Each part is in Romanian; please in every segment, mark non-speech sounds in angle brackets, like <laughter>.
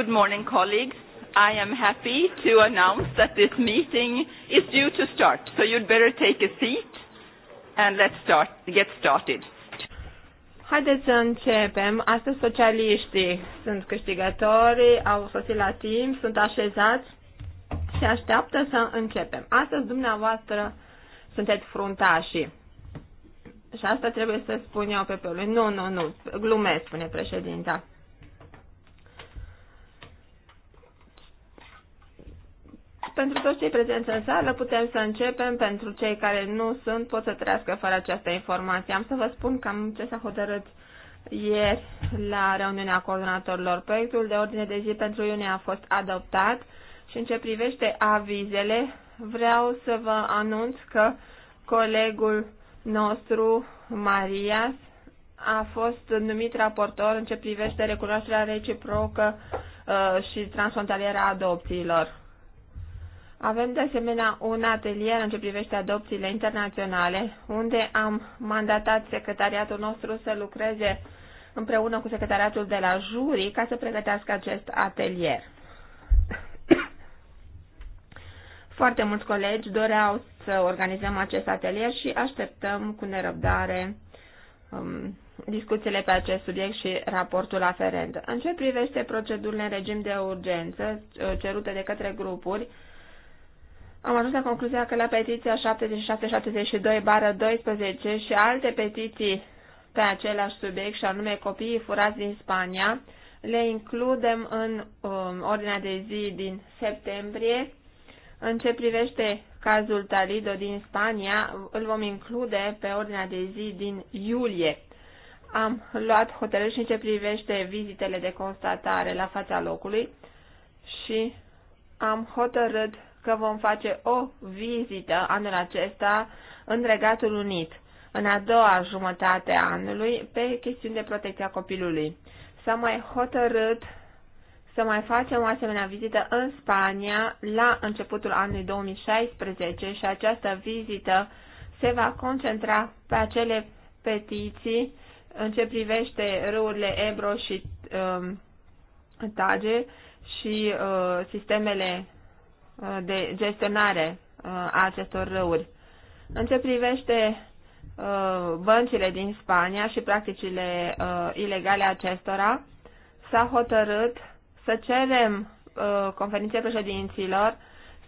Good morning, colleagues. I am happy to announce that this meeting is due to start, so you'd better take a seat and let's start, get started. Haideți să începem. Astăzi socialiștii sunt câștigători, au sosit la timp, sunt așezați și așteaptă să începem. Astăzi dumneavoastră sunteți fruntașii. Și asta trebuie să spun eu pe pe lui. Nu, nu, nu, glumesc, spune președinta. Pentru toți cei prezenți în sală putem să începem, pentru cei care nu sunt pot să trăiască fără această informație. Am să vă spun cam ce s-a hotărât ieri la reuniunea coordonatorilor. Proiectul de ordine de zi pentru iunie a fost adoptat și în ce privește avizele, vreau să vă anunț că colegul nostru, Marias, a fost numit raportor în ce privește recunoașterea reciprocă uh, și transfrontalieră a adopțiilor. Avem de asemenea un atelier în ce privește adopțiile internaționale, unde am mandatat secretariatul nostru să lucreze împreună cu secretariatul de la juri ca să pregătească acest atelier. <coughs> Foarte mulți colegi doreau să organizăm acest atelier și așteptăm cu nerăbdare um, discuțiile pe acest subiect și raportul aferent. În ce privește procedurile în regim de urgență cerute de către grupuri, am ajuns la concluzia că la petiția 7672 bară 12 și alte petiții pe același subiect, și anume copiii furați din Spania, le includem în um, ordinea de zi din septembrie. În ce privește cazul Talido din Spania, îl vom include pe ordinea de zi din iulie. Am luat hotărâri și în ce privește vizitele de constatare la fața locului și am hotărât că vom face o vizită anul acesta în Regatul Unit, în a doua jumătate a anului, pe chestiuni de protecția copilului. S-a mai hotărât să mai facem o asemenea vizită în Spania la începutul anului 2016 și această vizită se va concentra pe acele petiții în ce privește râurile Ebro și um, Tage și uh, sistemele Uh, de gestionare uh, a acestor râuri. În ce privește uh, băncile din Spania și practicile ilegale acestora, s-a hotărât să cerem conferinței președinților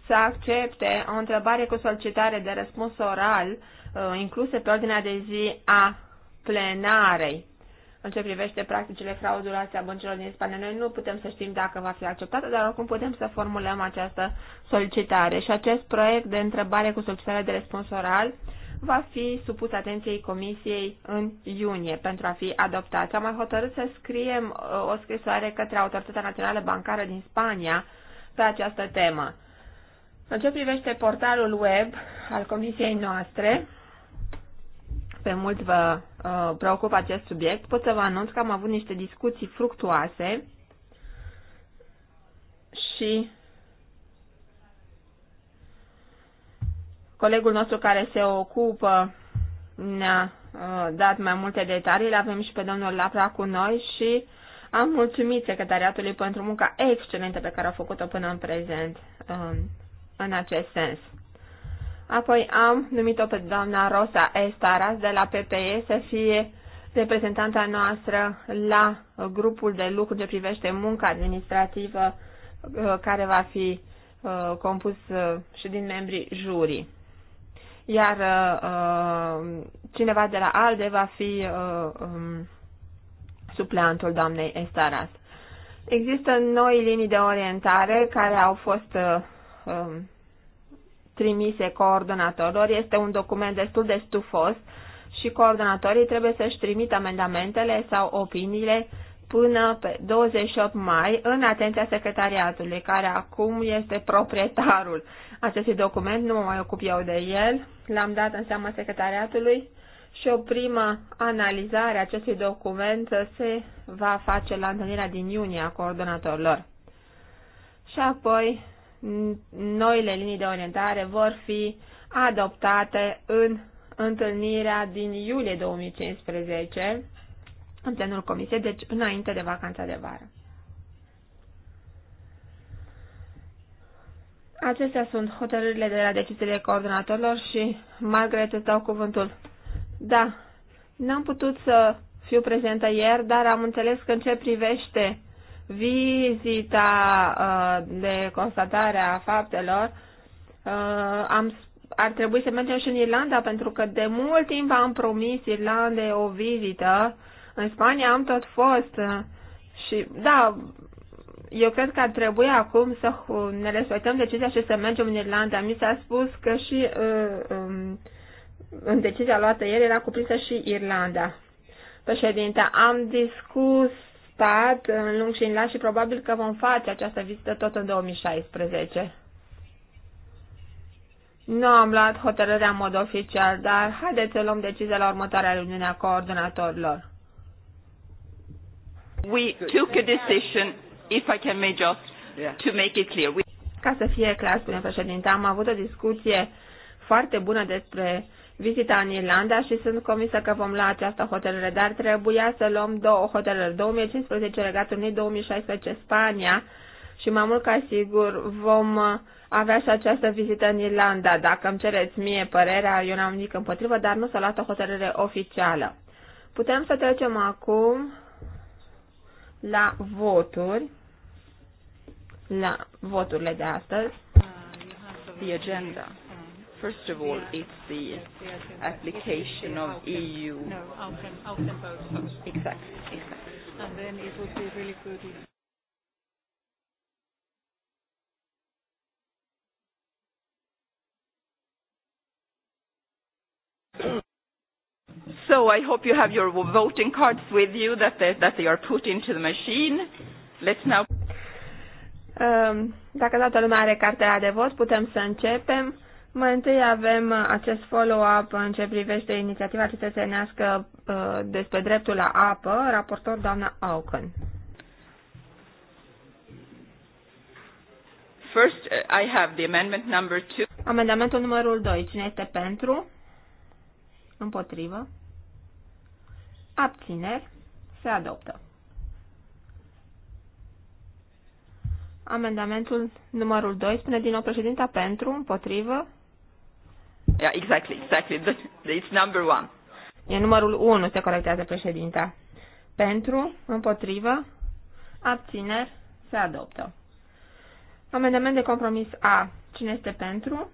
să accepte o întrebare cu solicitare de răspuns oral incluse pe ordinea de zi a plenarei în ce privește practicile frauduloase a băncilor din Spania. Noi nu putem să știm dacă va fi acceptată, dar oricum putem să formulăm această solicitare. Și acest proiect de întrebare cu solicitare de răspuns oral va fi supus atenției Comisiei în iunie pentru a fi adoptat. Am mai hotărât să scriem uh, o scrisoare către Autoritatea Națională Bancară din Spania pe această temă. În ce privește portalul web al Comisiei noastre, pe mult vă uh, preocupă acest subiect, pot să vă anunț că am avut niște discuții fructuoase și colegul nostru care se ocupă ne-a uh, dat mai multe detalii, l avem și pe domnul Lapra cu noi și am mulțumit secretariatului pentru munca excelentă pe care a făcut-o până în prezent uh, în acest sens. Apoi am numit-o pe doamna Rosa Estaras de la PPE să fie reprezentanta noastră la grupul de lucru ce privește munca administrativă uh, care va fi uh, compus uh, și din membrii jurii. Iar cineva de la ALDE va fi um, supleantul doamnei Estaras. Există noi linii de orientare care au fost um, trimise coordonatorilor este un document destul de stufos și coordonatorii trebuie să-și trimit amendamentele sau opiniile până pe 28 mai în atenția secretariatului, care acum este proprietarul acestui document, nu mă mai ocup eu de el, l-am dat în seama secretariatului și o primă analizare a acestui document se va face la întâlnirea din iunie a coordonatorilor. Și apoi noile linii de orientare vor fi adoptate în întâlnirea din iulie 2015 în plenul comisiei, deci înainte de vacanța de vară. Acestea sunt hotărârile de la deciziile coordonatorilor și, Margaret, îți dau cuvântul. Da, n-am putut să fiu prezentă ieri, dar am înțeles că în ce privește vizita uh, de constatare a faptelor, uh, am, ar trebui să mergem și în Irlanda, pentru că de mult timp am promis Irlandei o vizită. În Spania am tot fost uh, și, da, eu cred că ar trebui acum să ne respectăm decizia și să mergem în Irlanda. Mi s-a spus că și um, în decizia luată ieri era cuprinsă și Irlanda. Președinte, am discutat stat în lung și în lat și probabil că vom face această vizită tot în 2016. Nu am luat hotărârea în mod oficial, dar haideți să luăm decizia la următoarea reuniune a coordonatorilor. We took a decision, if I can make just, to make it clear. Ca să fie clar, spune președinte, am avut o discuție foarte bună despre vizita în Irlanda și sunt convinsă că vom lua această hotărâre, dar trebuia să luăm două hotărâri, 2015 Regatul Unit, 2016 Spania și mai mult ca sigur vom avea și această vizită în Irlanda. Dacă îmi cereți mie părerea, eu n-am nimic împotrivă, dar nu s-a luat o hotărâre oficială. Putem să trecem acum la voturi, la voturile de astăzi. Uh, the agenda. First of all, it's the application of EU. No, out and, vote. Exactly, exactly. And then it would be really good if So I hope you have your voting cards with you, that they, that they are put into the machine. Let's now... Um, dacă toată lumea are cartela de vot, putem să începem. Mai întâi avem uh, acest follow-up în ce privește inițiativa cetățenească uh, despre dreptul la apă, raportor doamna Auken. First, uh, I have the amendment number two. Amendamentul numărul 2. Cine este pentru? Împotrivă? Abțineri? Se adoptă. Amendamentul numărul 2 spune din nou președinta pentru, împotrivă, Yeah, exactly, exactly. It's number one. E numărul 1, se corectează președinta. Pentru, împotrivă, abțineri, se adoptă. Amendament de compromis A. Cine este pentru?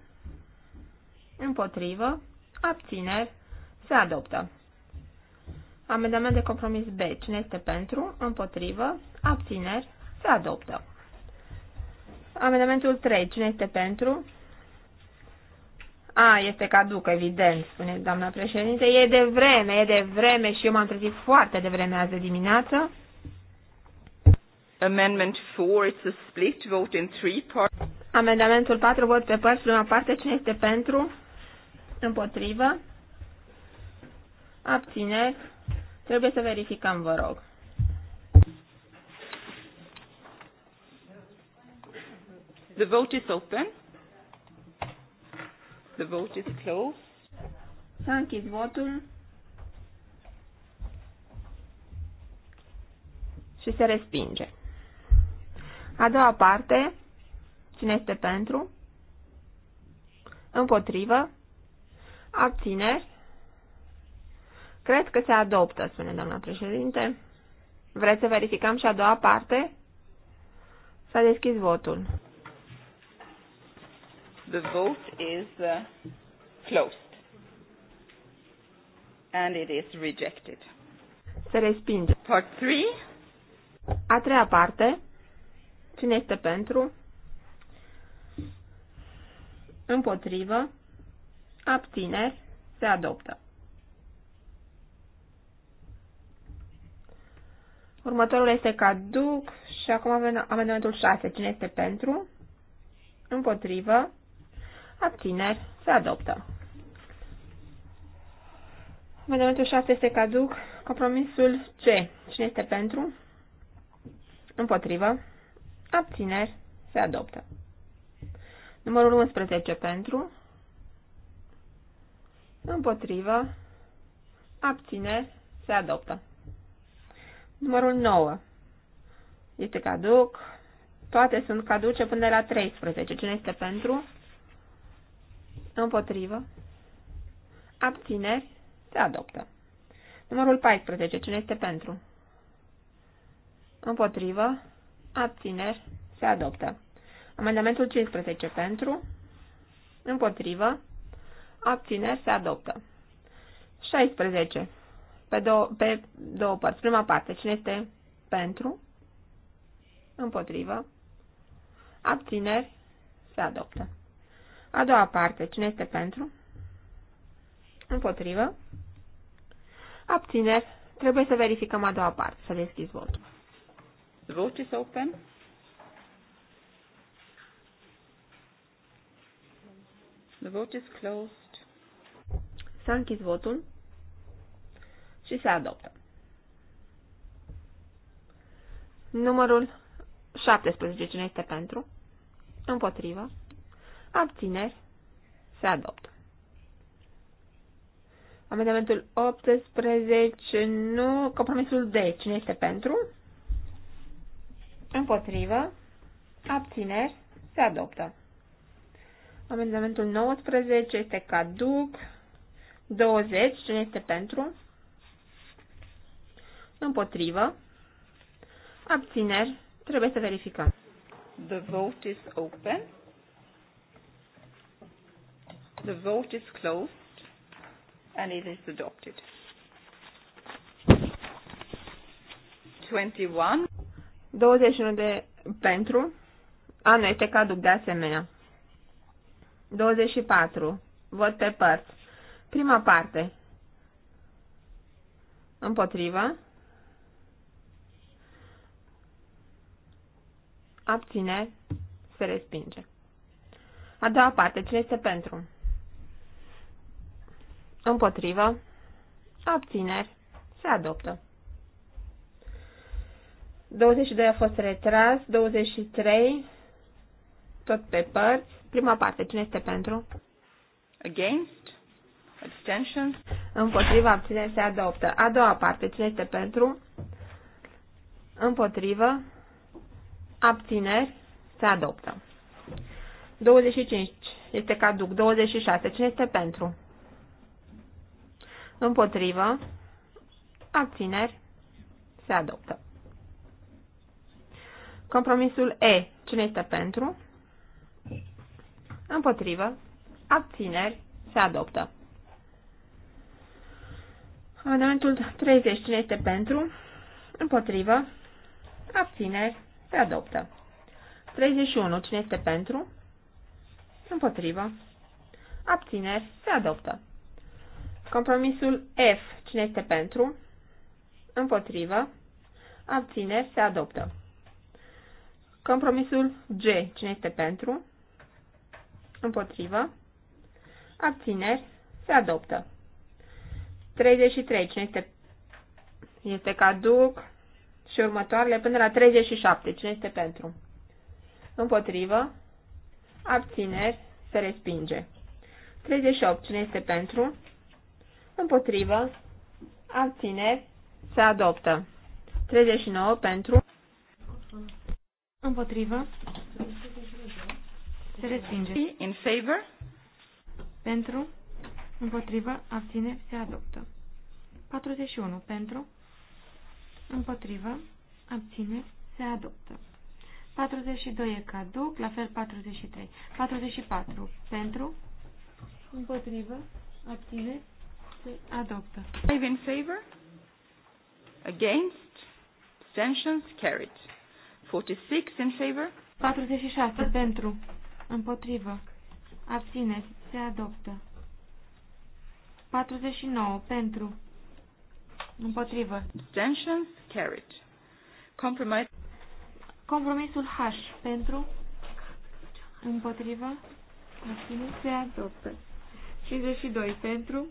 Împotrivă, abțineri, se adoptă. Amendament de compromis B. Cine este pentru? Împotrivă, abțineri, se adoptă. Amendamentul 3. Cine este pentru? A, este caduc, evident, spune doamna președinte. E de vreme, e de vreme și eu m-am trezit foarte de vreme azi de dimineață. Amendment 4, it's a split vote in three parts. Amendamentul 4, vot pe părți, prima parte, cine este pentru? Împotrivă? Abțineri? Trebuie să verificăm, vă rog. The vote is open. The vote is closed. S-a închis votul. Și se respinge. A doua parte, cine este pentru? Împotrivă? Abțineri? Cred că se adoptă, spune doamna președinte. Vreți să verificăm și a doua parte? S-a deschis votul. The vote is uh, closed. And it is rejected. Se respinge. Part 3. A treia parte. Cine este pentru? Împotrivă. Abțineri. Se adoptă. Următorul este caduc și acum avem amendamentul 6. Cine este pentru? Împotrivă. Abțineri. Se adoptă. Amendamentul 6 este caduc. Compromisul C. Cine este pentru? Împotrivă. Abțineri. Se adoptă. Numărul 11 pentru. Împotrivă. Abțineri. Se adoptă. Numărul 9. Este caduc. Toate sunt caduce până la 13. Cine este pentru? Împotrivă. Abțineri. Se adoptă. Numărul 14. Cine este pentru? Împotrivă. Abțineri. Se adoptă. Amendamentul 15. Pentru. Împotrivă. Abțineri. Se adoptă. 16. Pe două, pe două părți. Prima parte. Cine este pentru? Împotrivă. Abțineri. Se adoptă. A doua parte, cine este pentru? Împotrivă. Abțineri. Trebuie să verificăm a doua parte, să deschizi votul. The vote is open. The vote is closed. S-a închis votul și se adoptă. Numărul 17. Cine este pentru? Împotrivă abțineri, se adoptă. Amendamentul 18, nu, compromisul D, cine este pentru? Împotrivă, abțineri, se adoptă. Amendamentul 19 este caduc, 20, cine este pentru? Împotrivă, abțineri, trebuie să verificăm. The vote is open. The vote is closed, and it is adopted. 21. 21 de pentru. A, nu, este caduc de asemenea. 24. Vot pe părți. Prima parte. Împotrivă. Abține. Se respinge. A doua parte. Cine este pentru? Împotrivă. Abțineri. Se adoptă. 22 a fost retras, 23 tot pe părți. Prima parte, cine este pentru? Against. Abstention. Împotrivă. abțineri se adoptă. A doua parte, cine este pentru? Împotrivă. Abțineri se adoptă. 25 este caduc. 26. Cine este pentru? Împotrivă. Abțineri. Se adoptă. Compromisul E. Cine este pentru? Împotrivă. Abțineri. Se adoptă. Amendamentul 30. Cine este pentru? Împotrivă. Abțineri. Se adoptă. 31. Cine este pentru? Împotrivă. Abțineri. Se adoptă. Compromisul F. Cine este pentru? Împotrivă. Abțineri. Se adoptă. Compromisul G. Cine este pentru? Împotrivă. Abțineri. Se adoptă. 33. Cine este, este caduc? Și următoarele până la 37. Cine este pentru? Împotrivă. Abțineri. Se respinge. 38. Cine este pentru? Împotrivă. abține, Se adoptă. 39 pentru. Împotrivă. Se respinge. In favor. Pentru. Împotrivă. abține, Se adoptă. 41 pentru. Împotrivă. abține, Se adoptă. 42 e caduc, la fel 43. 44 pentru. Împotrivă. abține, se adoptă. Five in favor, against, abstentions carried. 46 in favor. 46 pentru, împotrivă, Abține. se adoptă. 49 pentru, împotrivă. Abstentions carried. Compromise. Compromisul H pentru, împotrivă, Abține. se adoptă. 52 pentru,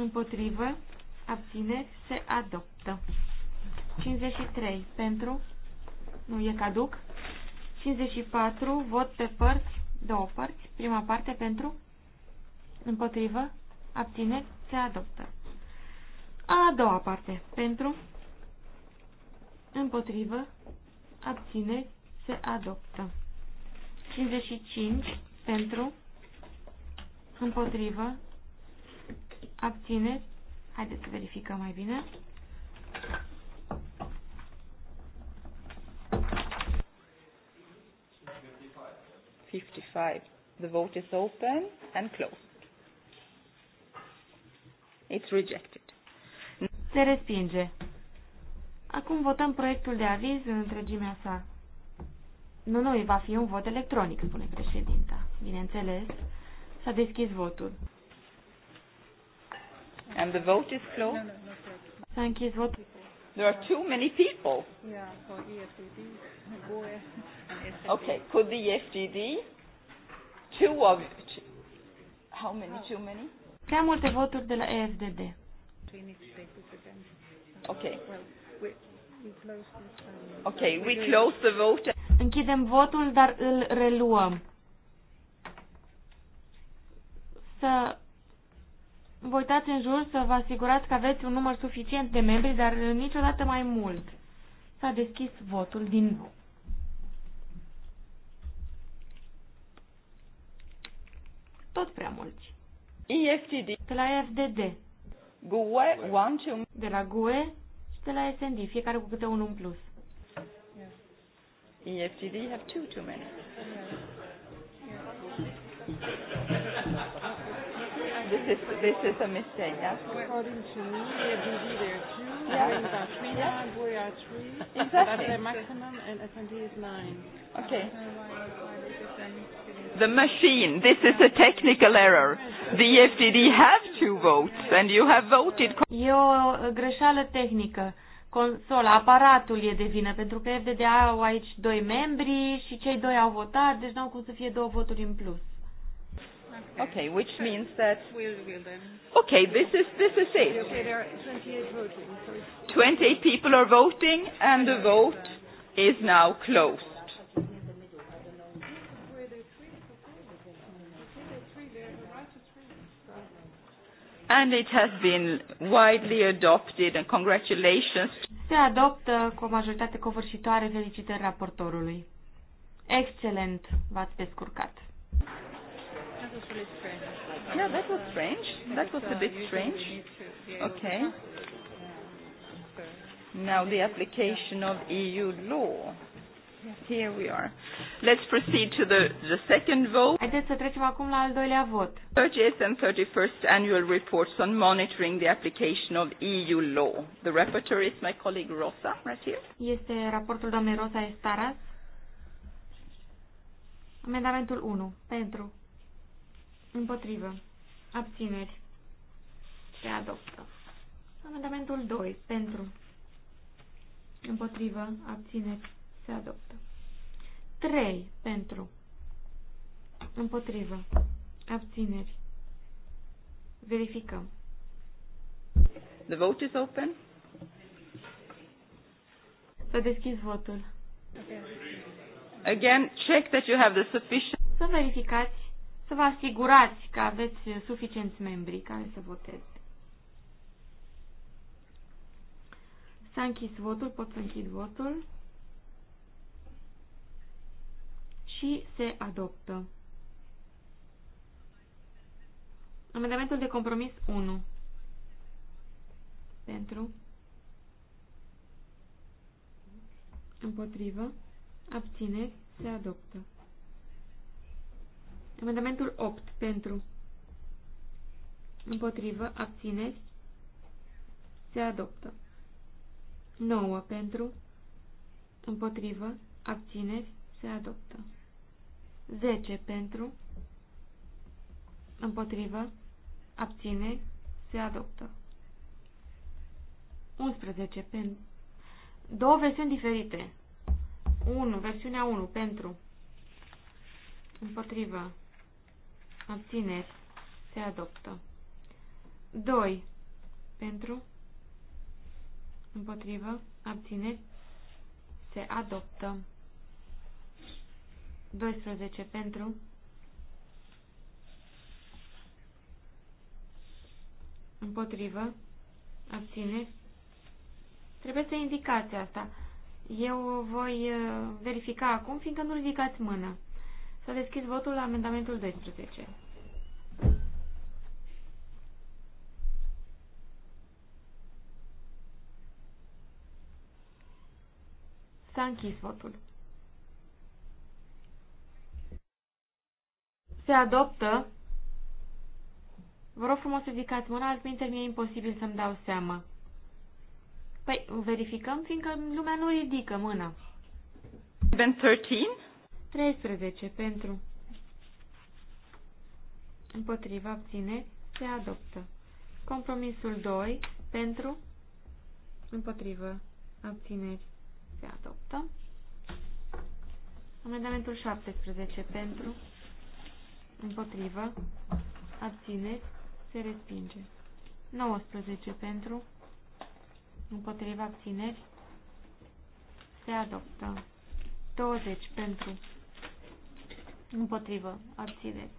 Împotrivă. Abțineri. Se adoptă. 53. Pentru. Nu e caduc. 54. Vot pe părți. Două părți. Prima parte pentru. Împotrivă. Abțineri. Se adoptă. A doua parte. Pentru. Împotrivă. Abțineri. Se adoptă. 55. Pentru. Împotrivă. Abțineți. Haideți să verificăm mai bine. Fifty-five. The vote is open and closed. It's rejected. Se respinge. Acum votăm proiectul de aviz în întregimea sa. Nu, nu, va fi un vot electronic, spune președinta. Bineînțeles, s-a deschis votul. And the vote is closed. No, no, s Thank you. What? There are too many people. Yeah, for EFDD. okay, could the EFDD, two of, two, how many, too many? Prea multe voturi de la EFDD. Okay. Um, okay, we close the vote. Închidem votul, dar îl reluăm. Să vă uitați în jur să vă asigurați că aveți un număr suficient de membri, dar niciodată mai mult. S-a deschis votul din nou. Tot prea mulți. EFTD. De la FDD. GUE, one, De la GUE și de la SND, fiecare cu câte unul în plus. EFTD have two too many. <laughs> this is a mistake. According to me, there two, are da. three, da. Exactly. the maximum, and is nine. Okay. The machine. This is a technical error. The FDD have two votes, and you have voted. E o greșeală tehnică. Consola, aparatul e de vină, pentru că FDD au aici doi membri și cei doi au votat, deci nu au cum să fie două voturi în plus. Okay, which means that. Okay, this is this is it. 28 people are voting, and the vote is now closed. And it has been widely adopted, and congratulations. Se adoptă cu o majoritate covârșitoare felicitări raportorului. Excelent, v-ați descurcat. That was really strange. Yeah, that was strange. That was a bit strange. Okay. Now the application of EU law. Here we are. Let's proceed to the, the second vote. Haideți să trecem acum la al doilea vot. 30th and 31st annual reports on monitoring the application of EU law. The rapporteur is my colleague Rosa, right here. Este raportul doamnei Rosa Estaras. Amendamentul 1. Pentru. Împotrivă. Abțineri. Se adoptă. Amendamentul 2. Pentru. Împotrivă. Abțineri. Se adoptă. 3. Pentru. Împotrivă. Abțineri. Verificăm. The vote is open. Să deschis votul. Again, check that you have the sufficient... Să verificați să vă asigurați că aveți suficienți membri care să voteze. S-a închis votul, pot să închid votul și se adoptă. Amendamentul de compromis 1. Pentru. Împotrivă. Abțineri. Se adoptă. Amendamentul 8 pentru împotrivă, abțineri, se adoptă. 9 pentru împotrivă, abțineri, se adoptă. 10 pentru împotrivă, abțineri, se adoptă. 11 pentru două versiuni diferite. 1, versiunea 1 pentru împotrivă, Abțineri. Se adoptă. 2. Pentru. Împotrivă. Abțineri. Se adoptă. 12. Pentru. Împotrivă. Abțineri. Trebuie să indicați asta. Eu voi uh, verifica acum, fiindcă nu ridicați mână. Să deschid votul la amendamentul 12. S-a închis votul. Se adoptă. Vă rog frumos să ridicați mâna, altminte mi-e imposibil să-mi dau seama. Păi, verificăm, fiindcă lumea nu ridică mâna. Ben 13? 13 pentru împotriva obține se adoptă. Compromisul 2 pentru împotrivă abțineri se adoptă. Amendamentul 17 pentru împotrivă abțineri se respinge. 19 pentru împotriva abțineri se adoptă. 20 pentru Împotrivă. Abțineri.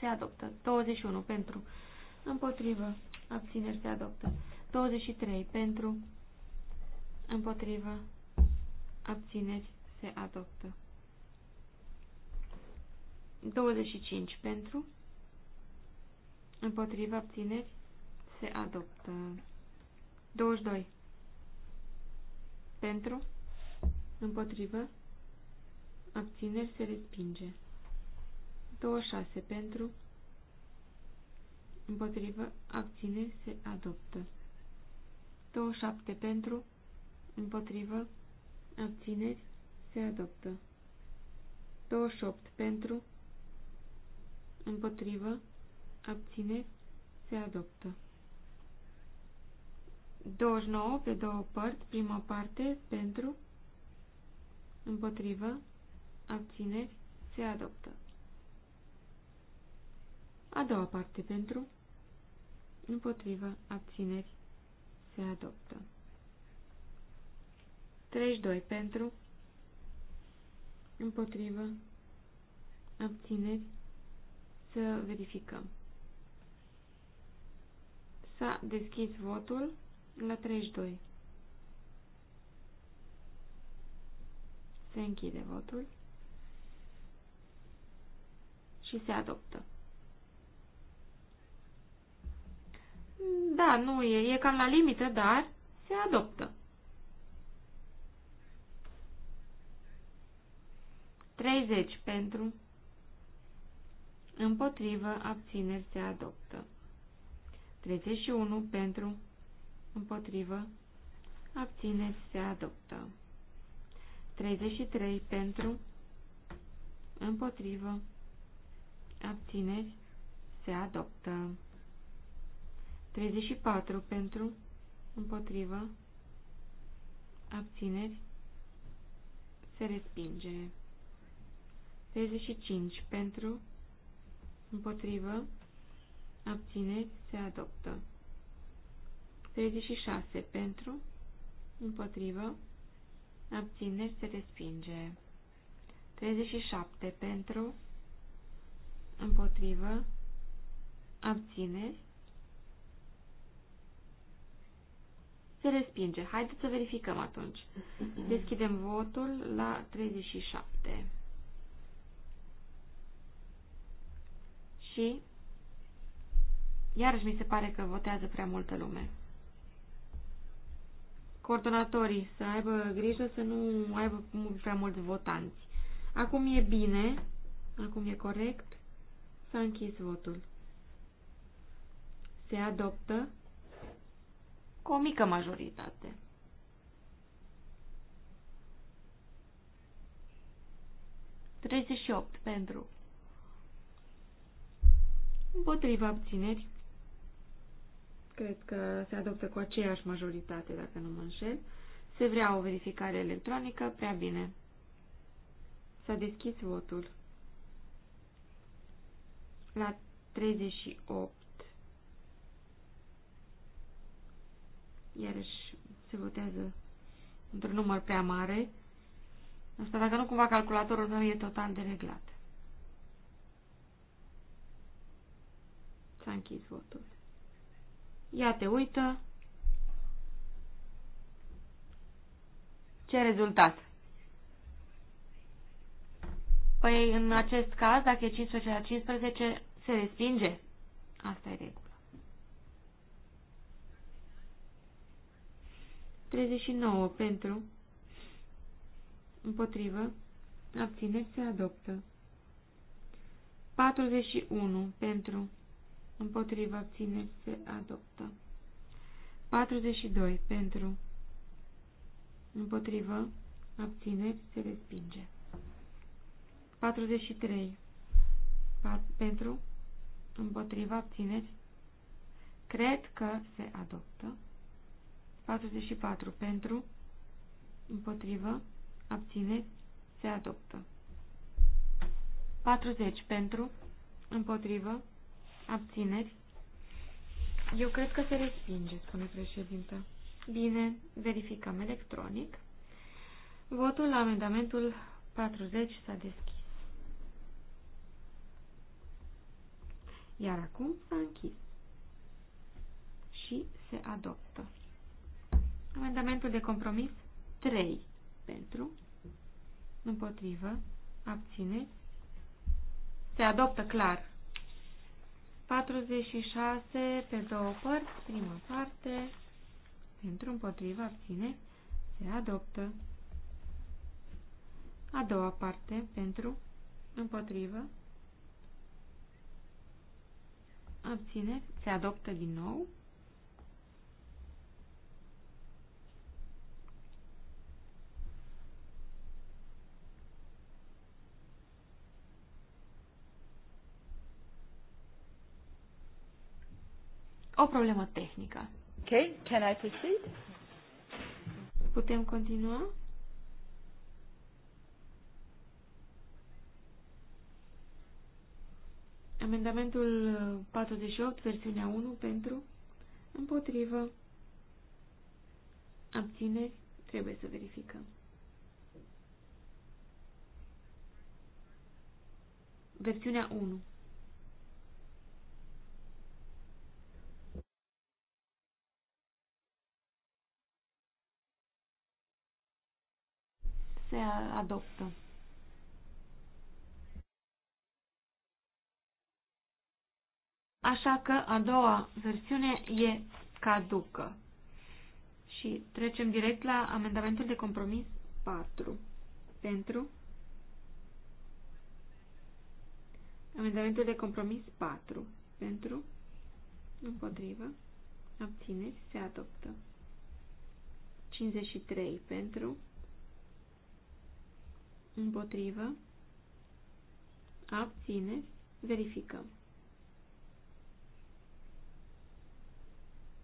Se adoptă. 21. Pentru. Împotrivă. Abțineri. Se adoptă. 23. Pentru. Împotrivă. Abțineri. Se adoptă. 25. Pentru. Împotrivă. Abțineri. Se adoptă. 22. Pentru. Împotrivă abțineri se respinge. 26 pentru, împotrivă, abțineri se adoptă. 27 pentru, împotrivă, abțineri se adoptă. 28 pentru, împotrivă, abțineri se adoptă. 29 pe două părți, prima parte, pentru, împotrivă, abțineri, se adoptă. A doua parte pentru, împotrivă, abțineri, se adoptă. 32 pentru, împotrivă, abțineri, să verificăm. S-a deschis votul la 32. Se închide votul și se adoptă. Da, nu e, e cam la limită, dar se adoptă. 30 pentru împotrivă abțineri se adoptă. 31 pentru împotrivă abțineri se adoptă. 33 pentru împotrivă abțineri, se adoptă. 34 pentru, împotrivă, abțineri, se respinge. 35 pentru, împotrivă, abțineri, se adoptă. 36 pentru, împotrivă, abțineri, se respinge. 37 pentru, împotrivă, abțineri, se respinge. Haideți să verificăm atunci. Deschidem votul la 37. Și iarăși mi se pare că votează prea multă lume. Coordonatorii să aibă grijă să nu aibă prea mulți votanți. Acum e bine, acum e corect. S-a închis votul. Se adoptă cu o mică majoritate. Treizeci opt pentru. Împotriva abțineri. Cred că se adoptă cu aceeași majoritate, dacă nu mă înșel. Se vrea o verificare electronică, prea bine. S-a deschis votul la 38. Iarăși se votează într-un număr prea mare. Asta dacă nu cumva calculatorul meu e total dereglat. S-a închis votul. Ia te uită. Ce rezultat? Păi în acest caz, dacă e 15 la 15, se respinge. Asta e regula. 39 pentru, împotrivă, abțineri se adoptă. 41 pentru, împotrivă, abțineri se adoptă. 42 pentru, împotrivă, abțineri se respinge. 43. Pentru, împotriva, țineți, Cred că se adoptă. 44. Pentru, împotrivă, abțineți, se adoptă. 40. Pentru, împotrivă, abțineți. Eu cred că se respinge, spune președinta. Bine, verificăm electronic. Votul la amendamentul 40 s-a deschis. Iar acum s-a închis și se adoptă. Amendamentul de compromis 3 pentru, împotrivă, abțineți, se adoptă clar. 46 pe două părți, prima parte, pentru, împotrivă, abține, se adoptă. A doua parte, pentru, împotrivă, abține, se adoptă din nou. O problemă tehnică. Ok, can I proceed? Putem continua? Amendamentul 48, versiunea 1, pentru, împotrivă, abțineri, trebuie să verificăm. Versiunea 1. Se adoptă. Așa că a doua versiune e caducă. Și trecem direct la amendamentul de compromis 4. Pentru amendamentul de compromis 4. Pentru împotrivă abțineri se adoptă. 53 pentru împotrivă abțineri verificăm.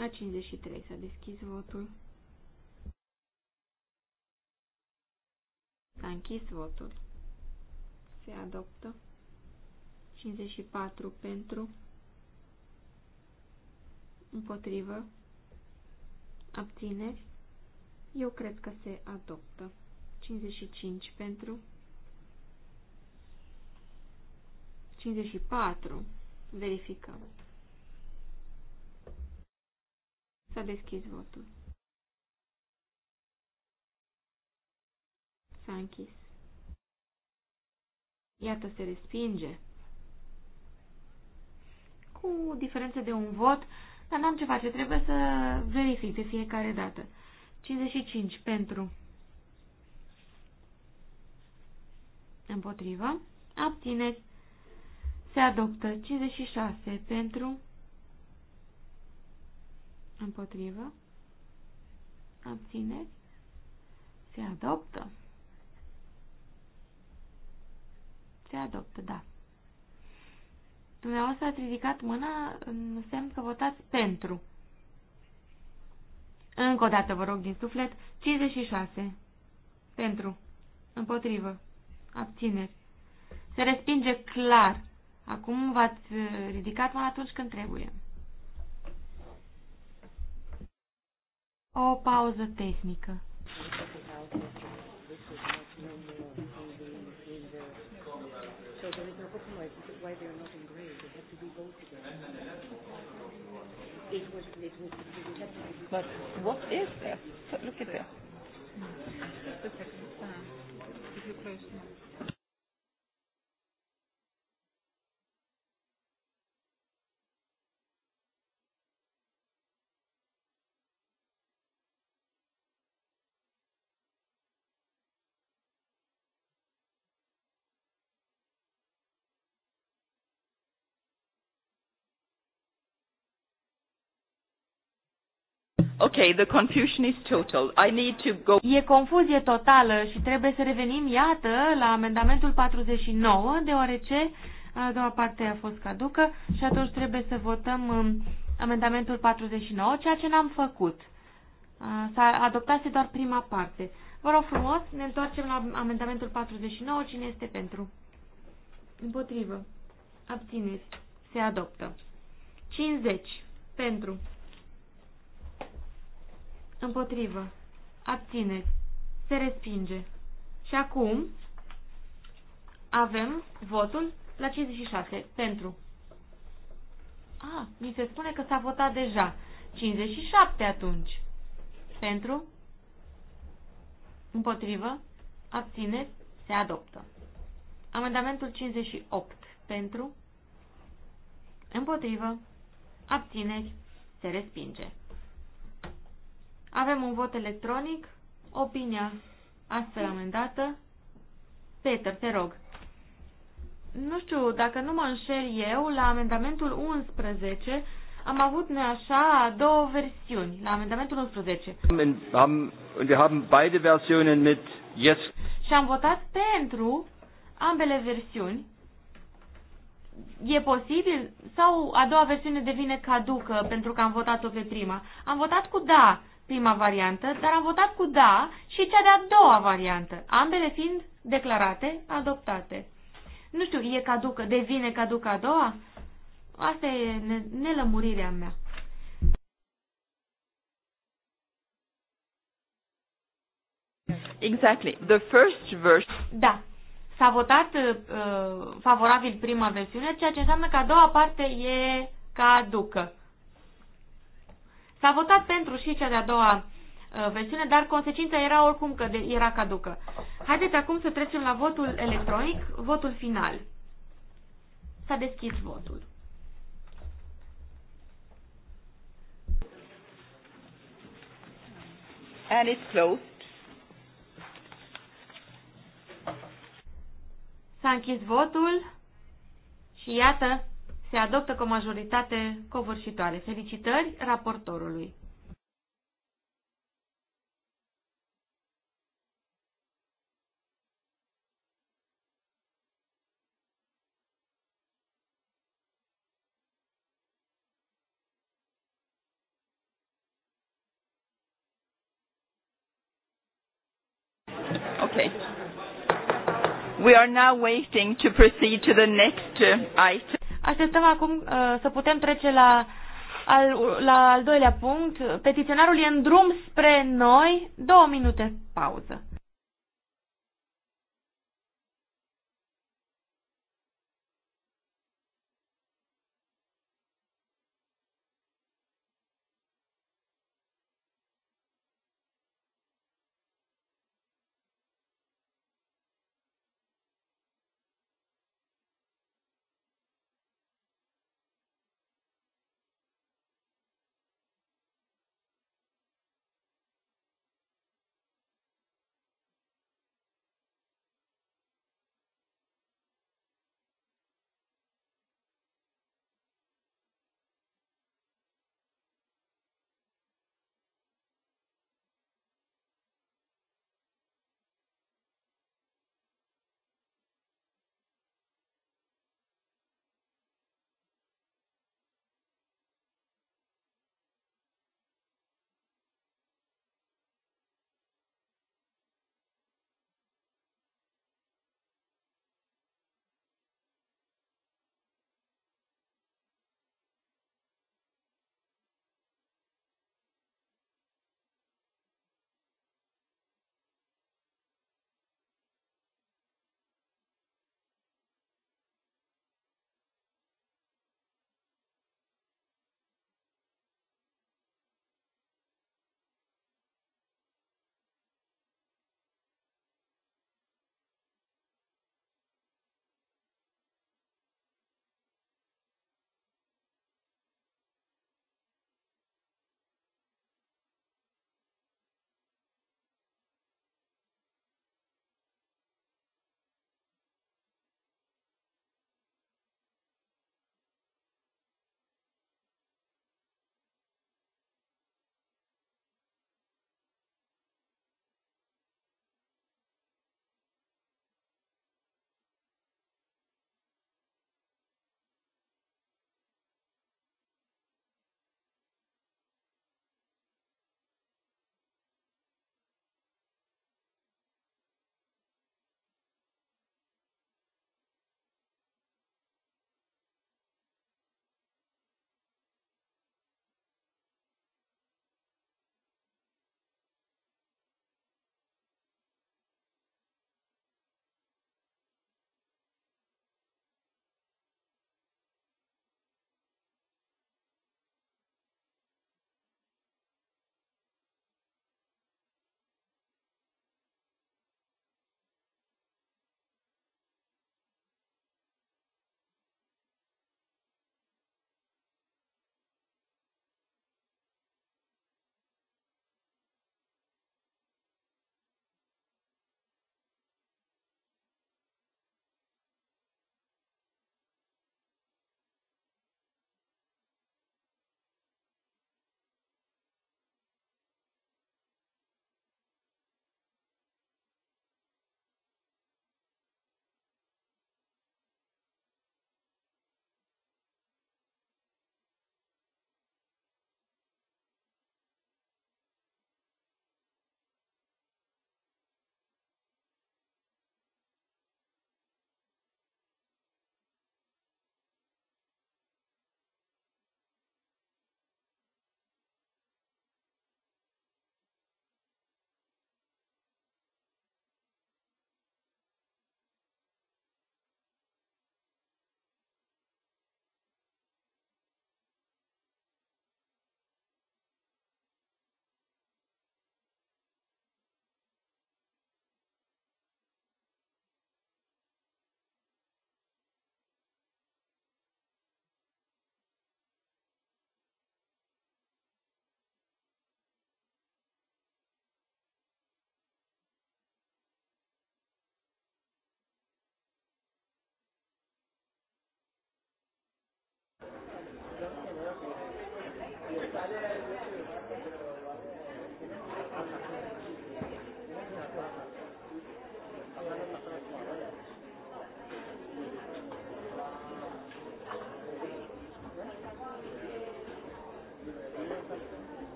La 53 s-a deschis votul. S-a închis votul. Se adoptă. 54 pentru. Împotrivă. Abțineri. Eu cred că se adoptă. 55 pentru. 54. Verificăm. S-a deschis votul. S-a închis. Iată, se respinge. Cu diferență de un vot, dar n-am ce face, trebuie să verific de fiecare dată. 55 pentru. Împotrivă. Abțineți. Se adoptă 56 pentru Împotrivă. abțineți, Se adoptă. Se adoptă, da. Dumneavoastră ați ridicat mâna în semn că votați pentru. Încă o dată, vă rog, din suflet, 56. Pentru. Împotrivă. Abțineri. Se respinge clar. Acum v-ați ridicat mâna atunci când trebuie. O pauză tehnică. But what is there? Look at there. Mm. Okay, the confusion is total. I need to go... E confuzie totală și trebuie să revenim, iată, la amendamentul 49, deoarece a doua parte a fost caducă și atunci trebuie să votăm um, amendamentul 49, ceea ce n-am făcut. S-a adoptat doar prima parte. Vă rog frumos, ne întoarcem la amendamentul 49. Cine este pentru? Împotrivă. Abțineri. Se adoptă. 50. Pentru. Împotrivă. abține, Se respinge. Și acum avem votul la 56. Pentru. A, mi se spune că s-a votat deja. 57 atunci. Pentru. Împotrivă. abține, Se adoptă. Amendamentul 58. Pentru. Împotrivă. abține, Se respinge. Avem un vot electronic. Opinia astfel amendată. Peter, te rog. Nu știu, dacă nu mă înșel eu, la amendamentul 11 am avut neașa așa două versiuni, la amendamentul 11. Am, wir haben beide Versionen mit yes. Și am votat pentru ambele versiuni. E posibil? Sau a doua versiune devine caducă pentru că am votat-o pe prima? Am votat cu da, prima variantă, dar am votat cu da și cea de-a doua variantă, ambele fiind declarate adoptate. Nu știu, e caducă, devine caducă a doua? Asta e nelămurirea mea. Exactly. The first version. Da. S-a votat uh, favorabil prima versiune, ceea ce înseamnă că a doua parte e caducă. S-a votat pentru și cea de-a doua uh, versiune, dar consecința era oricum că de, era caducă. Haideți acum să trecem la votul electronic, votul final. S-a deschis votul. And it's closed. S-a închis votul și iată, se adoptă cu majoritate covârșitoare. Felicitări raportorului! Okay. We are now waiting to proceed to the next item. Așteptăm acum uh, să putem trece la al, la al doilea punct. Petiționarul e în drum spre noi. Două minute pauză.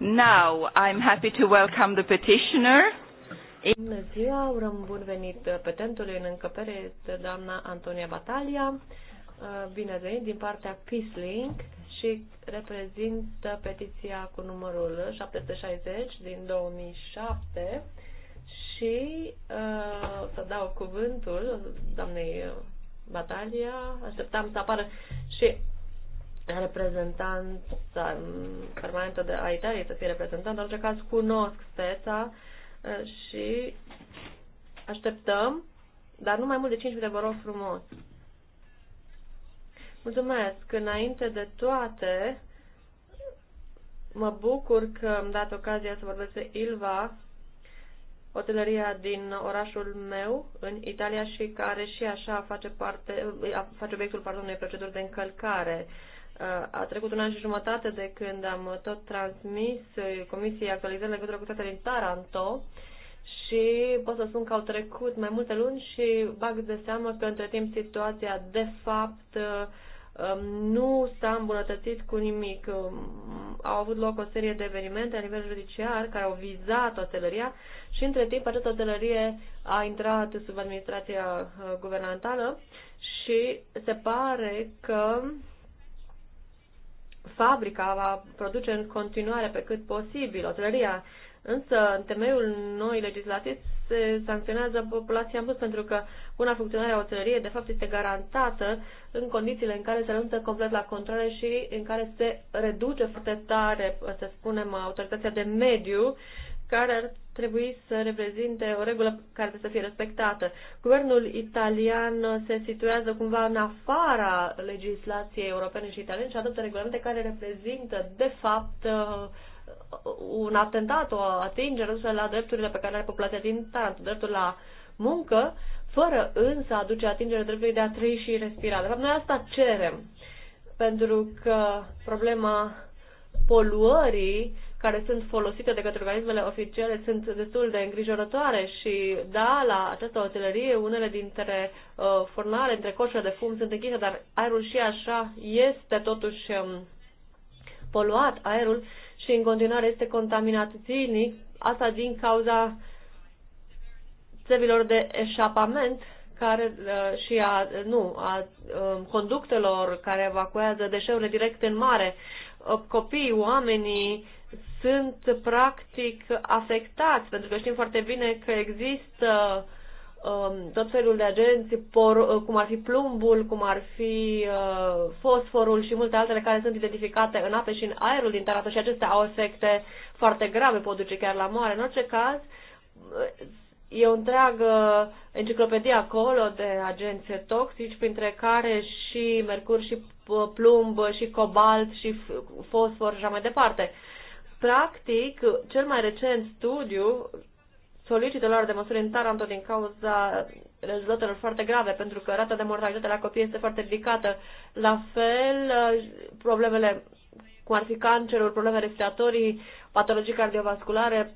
Now, I'm happy to welcome the petitioner. Bună ziua, urăm bun venit petentului în încăpere, este doamna Antonia Batalia. Bine venit din partea Peace Link și reprezintă petiția cu numărul 760 din 2007 și uh, să dau cuvântul doamnei Batalia. Așteptam să apară și reprezentanța permanentă de a Italiei să fie reprezentantă. În orice caz, cunosc speța uh, și așteptăm, dar nu mai mult de 5 minute, vă rog frumos. Mulțumesc! Înainte de toate, mă bucur că am dat ocazia să vorbesc de Ilva, hotelăria din orașul meu, în Italia, și care și așa face, parte, face obiectul pardon, unei proceduri de încălcare. A trecut un an și jumătate de când am tot transmis Comisiei actualizări legătură cu statele din Taranto și pot să spun că au trecut mai multe luni și bag de seamă că între timp situația de fapt Um, nu s-a îmbunătățit cu nimic. Um, au avut loc o serie de evenimente la nivel judiciar care au vizat hotelăria și între timp această hotelărie a intrat sub administrația uh, guvernamentală și se pare că fabrica va produce în continuare pe cât posibil hotelăria. Însă, în temeiul noi legislații se sancționează populația în plus, pentru că buna funcționare a oțelăriei, de fapt, este garantată în condițiile în care se renunță complet la controle și în care se reduce foarte tare, să spunem, autoritatea de mediu, care ar trebui să reprezinte o regulă care trebuie să fie respectată. Guvernul italian se situează cumva în afara legislației europene și italiene și adoptă regulamente care reprezintă, de fapt, un atentat, o atingere însă la drepturile pe care le are populația din Taranto, dreptul la muncă, fără însă aduce atingere dreptului de a trăi și respira. De fapt, noi asta cerem, pentru că problema poluării care sunt folosite de către organismele oficiale sunt destul de îngrijorătoare și da, la această hotelărie unele dintre uh, fornale, dintre coșurile de fum sunt închise, dar aerul și așa este totuși um, poluat aerul și în continuare este contaminat zilnic, asta din cauza țevilor de eșapament care, uh, și a, nu, a um, conductelor care evacuează deșeurile direct în mare. Uh, copiii, oamenii sunt practic afectați, pentru că știm foarte bine că există uh, Um, tot felul de agenți, por, uh, cum ar fi plumbul, cum ar fi uh, fosforul și multe altele care sunt identificate în ape și în aerul din Taranto și acestea au efecte foarte grave, pot duce chiar la moare. În orice caz, uh, e o întreagă enciclopedie acolo de agenți toxici, printre care și mercur, și uh, plumb, și cobalt, și fosfor și așa mai departe. Practic, cel mai recent studiu solicită luarea de măsuri în Taranto din cauza rezultatelor foarte grave, pentru că rata de mortalitate la copii este foarte ridicată. La fel, problemele cum ar fi cancerul, probleme respiratorii, patologii cardiovasculare,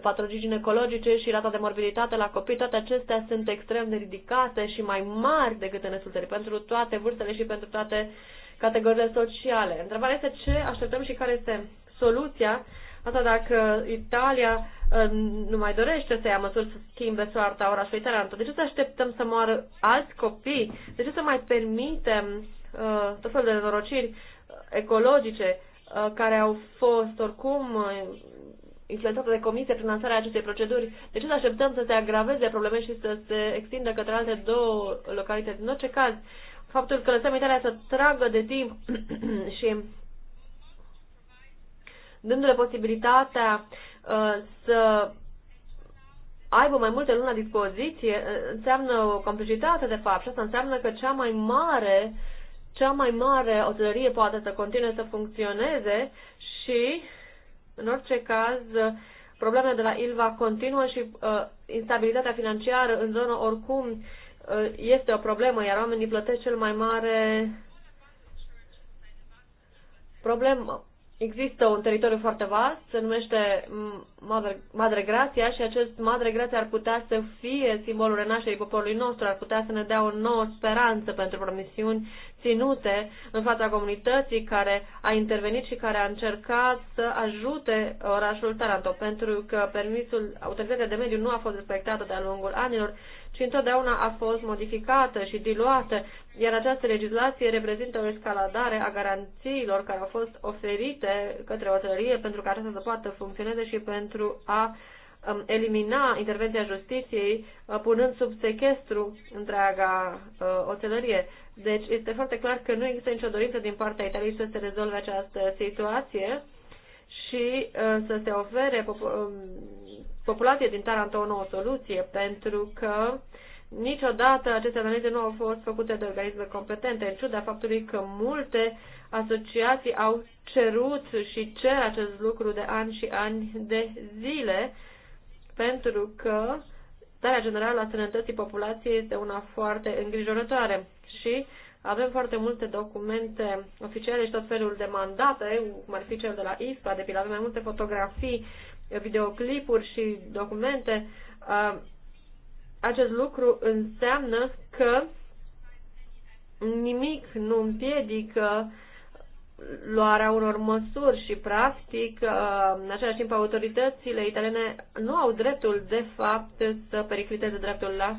patologii ginecologice și rata de morbiditate la copii, toate acestea sunt extrem de ridicate și mai mari decât în estul pentru toate vârstele și pentru toate categoriile sociale. Întrebarea este ce așteptăm și care este soluția, asta dacă Italia Ă, nu mai dorește să ia măsuri să schimbe soarta orașului Taranto. De deci ce să așteptăm să moară alți copii? De ce să mai permitem uh, tot felul de norociri ecologice uh, care au fost oricum uh, influențată de comisie prin lansarea acestei proceduri. Deci să așteptăm să se agraveze probleme și să se extindă către alte două localități. În orice caz, faptul că lăsăm Italia să tragă de timp <clears throat> și dându-le posibilitatea Uh, să aibă mai multe luni la dispoziție uh, înseamnă o complicitate de fapt și asta înseamnă că cea mai mare cea mai mare oțelărie poate să continue să funcționeze și în orice caz problemele de la Ilva continuă și uh, instabilitatea financiară în zonă oricum uh, este o problemă, iar oamenii plătesc cel mai mare problemă Există un teritoriu foarte vast, se numește Madre, Madre Grația și acest Madre Grația ar putea să fie simbolul renașterii poporului nostru, ar putea să ne dea o nouă speranță pentru promisiuni ținute în fața comunității care a intervenit și care a încercat să ajute orașul Taranto, pentru că permisul autorității de mediu nu a fost respectată de-a lungul anilor și întotdeauna a fost modificată și diluată, iar această legislație reprezintă o escaladare a garanțiilor care au fost oferite către tărie pentru ca aceasta să poată funcționeze și pentru a um, elimina intervenția justiției, uh, punând sub sechestru întreaga uh, oțelărie. Deci este foarte clar că nu există nicio dorință din partea Italiei să se rezolve această situație și uh, să se ofere um, populație din Taranto o soluție, pentru că niciodată aceste analize nu au fost făcute de organisme competente, în ciuda faptului că multe asociații au cerut și cer acest lucru de ani și ani de zile, pentru că starea generală a sănătății populației este una foarte îngrijorătoare și avem foarte multe documente oficiale și tot felul de mandate, cum ar fi cel de la ISPA, de pildă, avem mai multe fotografii videoclipuri și documente, uh, acest lucru înseamnă că nimic nu împiedică luarea unor măsuri și, practic, uh, în același timp, autoritățile italiene nu au dreptul, de fapt, să pericliteze dreptul la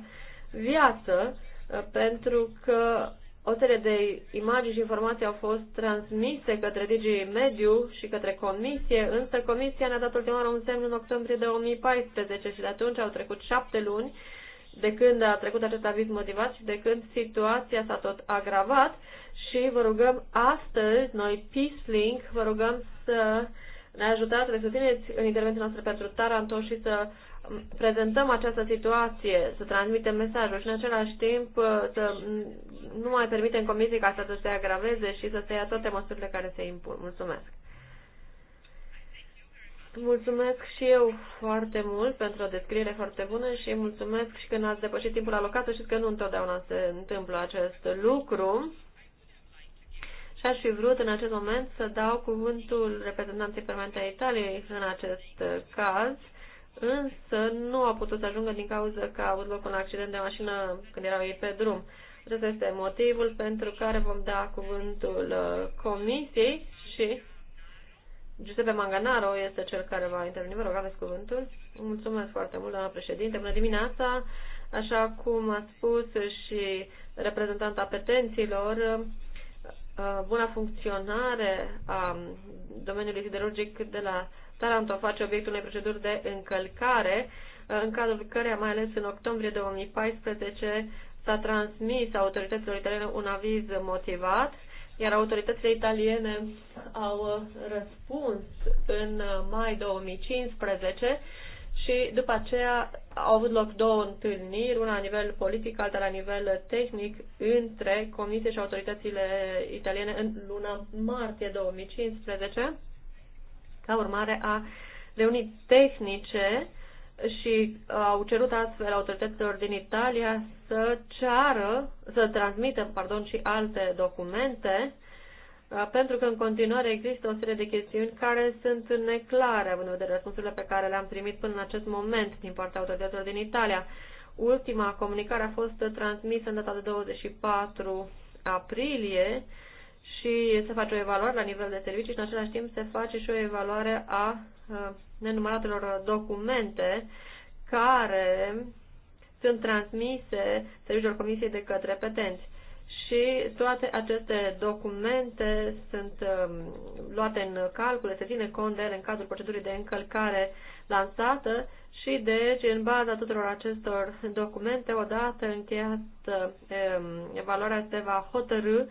viață, uh, pentru că o serie de imagini și informații au fost transmise către Digi Mediu și către Comisie, însă Comisia ne-a dat ultima oară un semn în octombrie 2014 și de atunci au trecut șapte luni de când a trecut acest aviz motivat și de când situația s-a tot agravat și vă rugăm astăzi, noi PeaceLink, vă rugăm să ne ajutați, să țineți în intervenția noastră pentru Taranto și să uh, prezentăm această situație, să transmitem mesajul și în același timp uh, să nu mai permitem comisiei ca să se agraveze și să se ia toate măsurile care se impun. Mulțumesc! Mulțumesc și eu foarte mult pentru o descriere foarte bună și mulțumesc și că n-ați depășit timpul alocat. și că nu întotdeauna se întâmplă acest lucru. Și aș fi vrut în acest moment să dau cuvântul reprezentanței permanente a Italiei în acest caz însă nu a putut să ajungă din cauza că a avut loc un accident de mașină când erau ei pe drum. Acesta este motivul pentru care vom da cuvântul uh, comisiei și Giuseppe Manganaro este cel care va interveni. Vă rog, aveți cuvântul. Mulțumesc foarte mult, doamna președinte. Bună dimineața! Așa cum a spus și reprezentanta petenților, uh, uh, buna funcționare a domeniului siderurgic de la într-o face obiectul unei proceduri de încălcare, uh, în cadrul căreia, mai ales în octombrie 2014, s-a transmis autorităților italiene un aviz motivat, iar autoritățile italiene au uh, răspuns în uh, mai 2015 și după aceea au avut loc două întâlniri, una la nivel politic, alta la nivel tehnic, între Comisie și autoritățile italiene în luna martie 2015 ca urmare a reunii tehnice și au cerut astfel autorităților din Italia să ceară, să transmită, pardon, și alte documente, uh, pentru că în continuare există o serie de chestiuni care sunt neclare, având în vedere răspunsurile pe care le-am primit până în acest moment din partea autorităților din Italia. Ultima comunicare a fost transmisă în data de 24 aprilie și se face o evaluare la nivel de servicii și în același timp se face și o evaluare a uh, nenumăratelor documente care sunt transmise serviciilor comisiei de către petenți. Și toate aceste documente sunt um, luate în calcul, se ține cont de ele în cadrul procedurii de încălcare lansată și deci în baza tuturor acestor documente, odată încheiat um, evaluarea se va hotărâ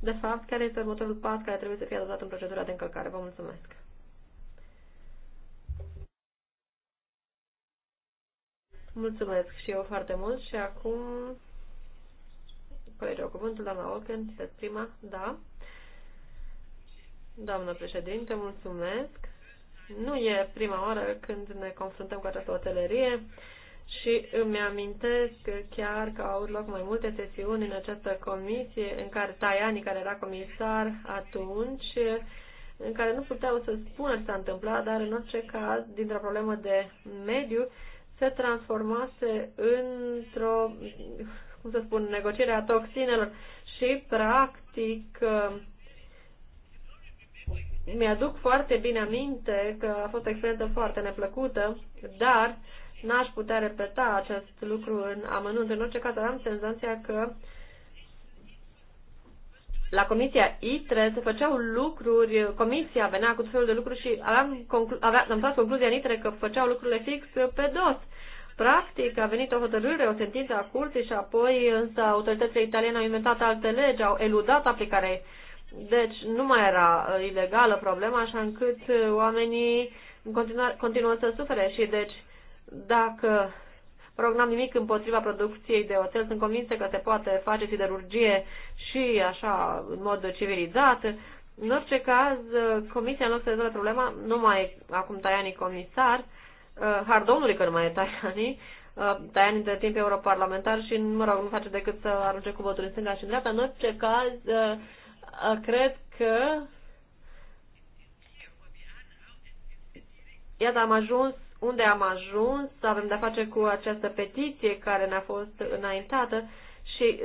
de fapt, care este următorul pas care trebuie să fie adoptat în procedura de încălcare. Vă mulțumesc! Mulțumesc și eu foarte mult și acum colegiul cuvântul, doamna Ocken, sunteți prima? Da. Doamnă președinte, mulțumesc. Nu e prima oară când ne confruntăm cu această hotelărie și îmi amintesc chiar că au avut loc mai multe sesiuni în această comisie în care Taiani, care era comisar atunci, în care nu puteau să spună ce s-a întâmplat, dar în orice caz, dintr-o problemă de mediu, se transformase într-o, cum să spun, negociere a toxinelor și, practic, mi-aduc foarte bine aminte că a fost o experiență foarte neplăcută, dar uh, N-aș putea repeta acest lucru în amănunt. În orice caz, am senzația că la comisia ITRE se făceau lucruri, comisia venea cu tot felul de lucruri și aveam, conclu- avea, am tras concluzia în ITRE că făceau lucrurile fix pe dos. Practic, a venit o hotărâre, o sentință a curții și apoi însă autoritățile italiene au inventat alte legi, au eludat aplicarea ei. Deci nu mai era uh, ilegală problema, așa încât uh, oamenii continuă, continuă să sufere și deci dacă rog, n-am nimic împotriva producției de oțel, sunt convinsă că se poate face siderurgie și așa, în mod civilizat. În orice caz, comisia noastră rezolvă problema, nu mai acum Taiani comisar, uh, hardonului că nu mai e Taiani, uh, Taiani de timp europarlamentar și, mă rog, nu face decât să arunce cu voturi în stânga și în dreapta. În orice caz, uh, cred că Iată, am ajuns unde am ajuns, avem de-a face cu această petiție care ne-a fost înaintată și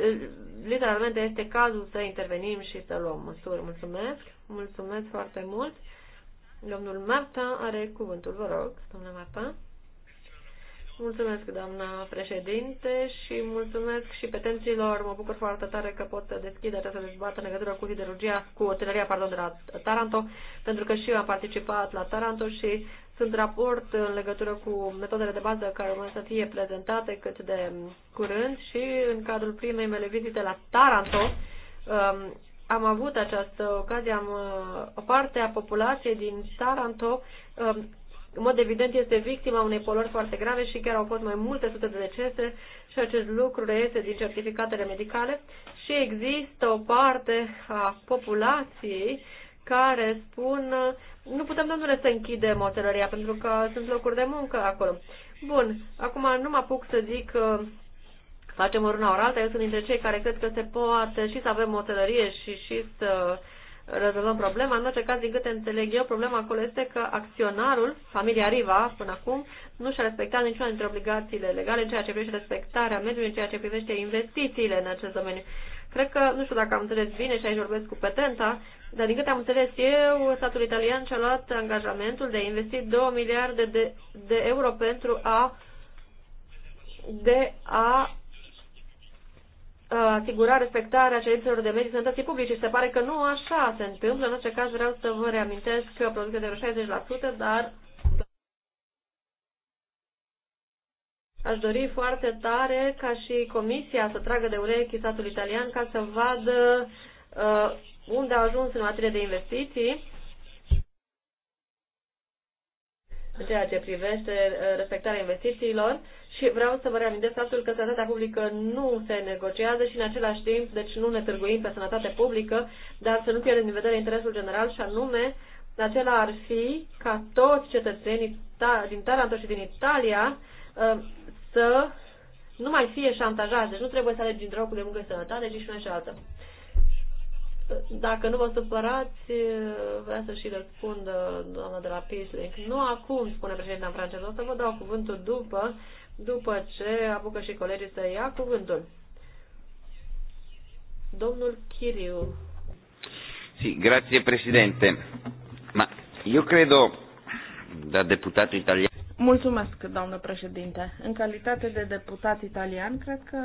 literalmente este cazul să intervenim și să luăm măsuri. Mulțumesc, mulțumesc foarte mult. Domnul Marta are cuvântul, vă rog, domnule Marta. Mulțumesc, doamna președinte, și mulțumesc și petenților. Mă bucur foarte tare că pot să deschid această dezbatere în legătură cu hidrologia, cu tineria, pardon, de la Taranto, pentru că și eu am participat la Taranto și sunt raport în legătură cu metodele de bază care vor să fie prezentate cât de curând și în cadrul primei mele vizite la Taranto um, am avut această ocazie. Am, uh, o parte a populației din Taranto um, în mod evident este victima unei polori foarte grave și chiar au fost mai multe sute de decese și acest lucru reiese din certificatele medicale și există o parte a populației care spun nu putem, domnule, să închidem hotelăria pentru că sunt locuri de muncă acolo. Bun, acum nu mă apuc să zic că uh, facem una ori alta. Eu sunt dintre cei care cred că se poate și să avem hotelărie și, și să rezolvăm problema. În orice caz, din câte înțeleg eu, problema acolo este că acționarul, familia Riva, până acum, nu și-a respectat niciuna dintre obligațiile legale în ceea ce privește respectarea mediului, în ceea ce privește investițiile în acest domeniu. Cred că, nu știu dacă am înțeles bine și aici vorbesc cu petenta, dar din câte am înțeles eu, statul italian și-a luat angajamentul de a investi 2 miliarde de, de euro pentru a de a asigura respectarea cerințelor de medii sănătății publice se pare că nu așa se întâmplă. În orice caz vreau să vă reamintesc că producție de 60%, dar Aș dori foarte tare ca și comisia să tragă de urechi statul italian ca să vadă uh, unde a ajuns în materie de investiții în ceea ce privește uh, respectarea investițiilor și vreau să vă reamintesc faptul că sănătatea publică nu se negociază și în același timp, deci nu ne târguim pe sănătate publică, dar să nu pierdem din vedere interesul general și anume acela ar fi ca toți cetățenii din Taranto și din Italia uh, să nu mai fie șantajați, deci nu trebuie să alegi între locul de muncă și sănătate, ci și una și alta. Dacă nu vă supărați, vrea să și răspundă doamna de la Pislink. Nu acum, spune președinta franceză, o să vă dau cuvântul după, după ce apucă și colegii să ia cuvântul. Domnul Chiriu. Sì, grazie Presidente. Ma io credo, da deputato italiano... Mulțumesc, doamnă președinte. În calitate de deputat italian, cred că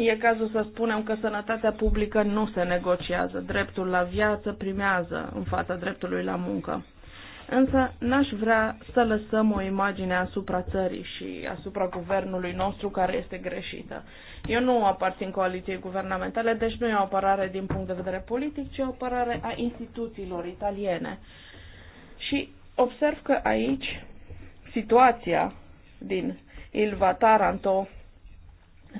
E cazul să spunem că sănătatea publică nu se negociază. Dreptul la viață primează în fața dreptului la muncă. Însă n-aș vrea să lăsăm o imagine asupra țării și asupra guvernului nostru care este greșită. Eu nu aparțin coaliției guvernamentale, deci nu e o apărare din punct de vedere politic, ci o apărare a instituțiilor italiene. Și observ că aici situația din Ilva Taranto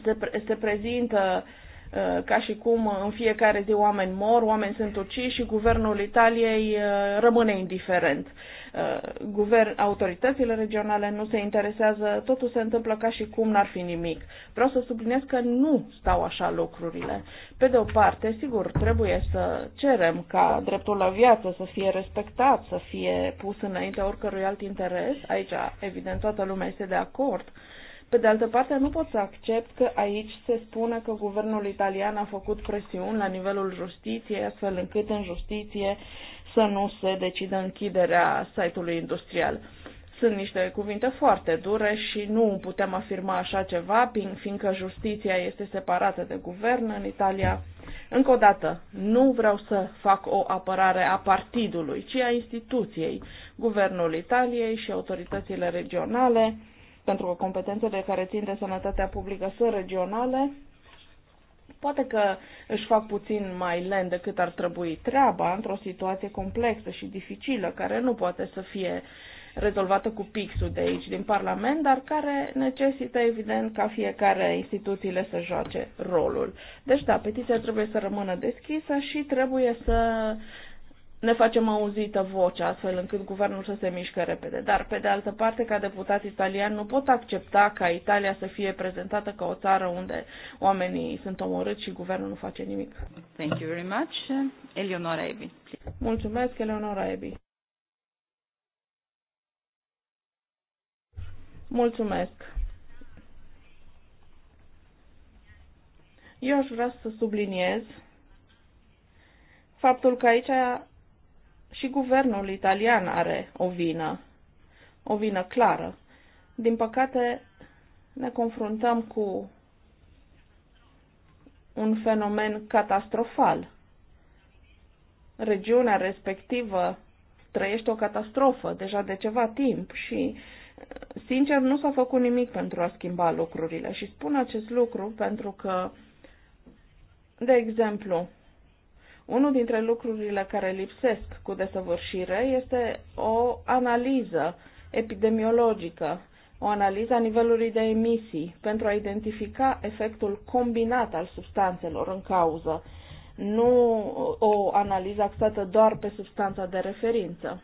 se, pre- se prezintă uh, ca și cum în fiecare zi oameni mor, oameni sunt uciși și guvernul Italiei uh, rămâne indiferent. Uh, guvern, autoritățile regionale nu se interesează, totul se întâmplă ca și cum n-ar fi nimic. Vreau să subliniez că nu stau așa lucrurile. Pe de o parte, sigur, trebuie să cerem ca dreptul la viață să fie respectat, să fie pus înainte oricărui alt interes. Aici, evident, toată lumea este de acord. Uh, pe de altă parte, nu pot să accept că aici se spune că guvernul italian a făcut presiuni la nivelul justiției, astfel încât în justiție să nu se decidă închiderea site-ului industrial. Sunt niște cuvinte foarte dure și nu putem afirma așa ceva, fiindcă justiția este separată de guvern în Italia. Încă o dată, nu vreau să fac o apărare a partidului, ci a instituției, guvernul Italiei și autoritățile regionale pentru că competențele care țin de sănătatea publică sunt regionale, poate că își fac puțin mai lent decât ar trebui treaba într-o situație complexă și dificilă, care nu poate să fie rezolvată cu pixul de aici din Parlament, dar care necesită evident ca fiecare instituțiile să joace rolul. Deci da, petiția trebuie să rămână deschisă și trebuie să ne facem auzită vocea, astfel încât guvernul să se mișcă repede. Dar, pe de altă parte, ca deputat italian, nu pot accepta ca Italia să fie prezentată ca o țară unde oamenii sunt omorâți și guvernul nu face nimic. Thank you very much. Eleonora Ebi. Mulțumesc, Eleonora Ebi. Mulțumesc. Eu aș vrea să subliniez faptul că aici și guvernul italian are o vină, o vină clară. Din păcate, ne confruntăm cu un fenomen catastrofal. Regiunea respectivă trăiește o catastrofă deja de ceva timp și, sincer, nu s-a făcut nimic pentru a schimba lucrurile. Și spun acest lucru pentru că, de exemplu, unul dintre lucrurile care lipsesc cu desăvârșire este o analiză epidemiologică, o analiză a nivelului de emisii pentru a identifica efectul combinat al substanțelor în cauză, nu o analiză axată doar pe substanța de referință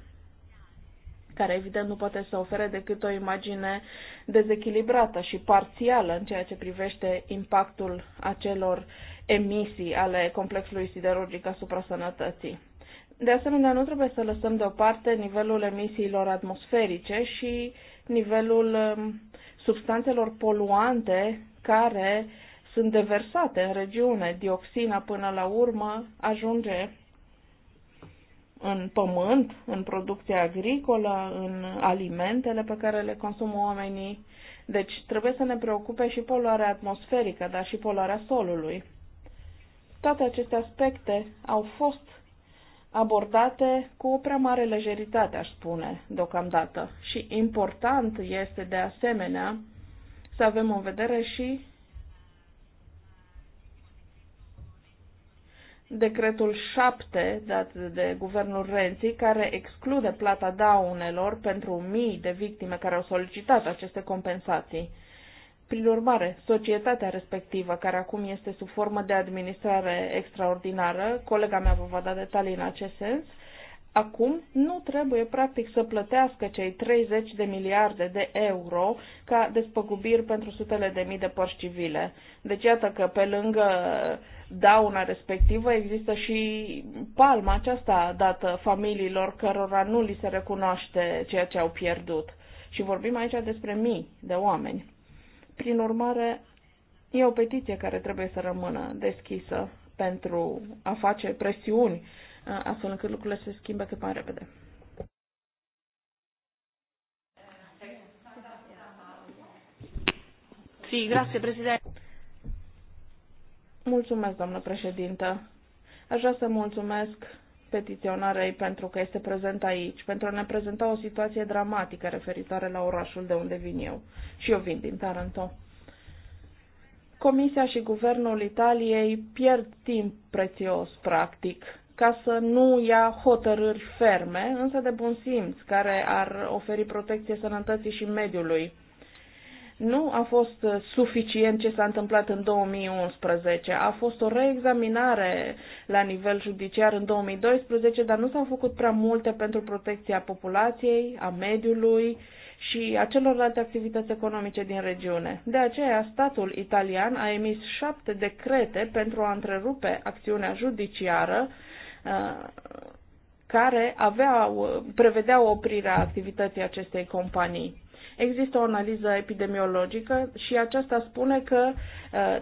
care evident nu poate să ofere decât o imagine dezechilibrată și parțială în ceea ce privește impactul acelor emisii ale complexului siderurgic asupra sănătății. De asemenea, nu trebuie să lăsăm deoparte nivelul emisiilor atmosferice și nivelul um, substanțelor poluante care sunt deversate în regiune. Dioxina, până la urmă, ajunge în pământ, în producția agricolă, în alimentele pe care le consumă oamenii. Deci trebuie să ne preocupe și poluarea atmosferică, dar și poluarea solului. Toate aceste aspecte au fost abordate cu o prea mare lejeritate, aș spune, deocamdată. Și important este, de asemenea, să avem în vedere și decretul 7 dat de guvernul Renzi, care exclude plata daunelor pentru mii de victime care au solicitat aceste compensații. Prin urmare, societatea respectivă, care acum este sub formă de administrare extraordinară, colega mea vă va da detalii în acest sens, acum nu trebuie practic să plătească cei 30 de miliarde de euro ca despăgubiri pentru sutele de mii de părți civile. Deci iată că pe lângă dauna respectivă există și palma aceasta dată familiilor cărora nu li se recunoaște ceea ce au pierdut. Și vorbim aici despre mii de oameni. Prin urmare, e o petiție care trebuie să rămână deschisă pentru a face presiuni uh, astfel încât lucrurile se schimbe cât mai repede. Sí, grazie Presidente. Mulțumesc, doamnă președintă. Aș vrea să mulțumesc petiționarei pentru că este prezent aici, pentru a ne prezenta o situație dramatică referitoare la orașul de unde vin eu. Și eu vin din Taranto. Comisia și guvernul Italiei pierd timp prețios, practic, ca să nu ia hotărâri ferme, însă de bun simț, care ar oferi protecție sănătății și mediului nu a fost uh, suficient ce s-a întâmplat în 2011. A fost o reexaminare la nivel judiciar în 2012, dar nu s-au făcut prea multe pentru protecția populației, a mediului și a celorlalte activități economice din regiune. De aceea, statul italian a emis șapte decrete pentru a întrerupe acțiunea judiciară uh, care aveau, prevedeau oprirea activității acestei companii. Există o analiză epidemiologică și aceasta spune că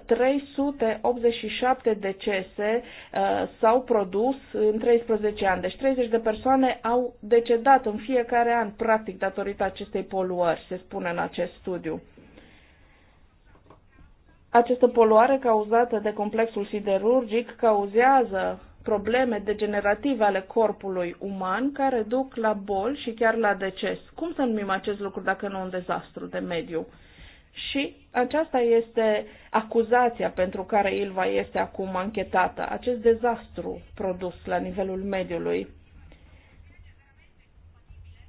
387 uh, decese uh, s-au produs în 13 ani. Deci 30 de persoane au decedat în fiecare an, practic, datorită acestei poluări, se spune în acest studiu. Această poluare cauzată de complexul siderurgic cauzează probleme degenerative ale corpului uman care duc la bol și chiar la deces. Cum să numim acest lucru dacă nu un dezastru de mediu? Și aceasta este acuzația pentru care Ilva este acum anchetată, acest dezastru produs la nivelul mediului.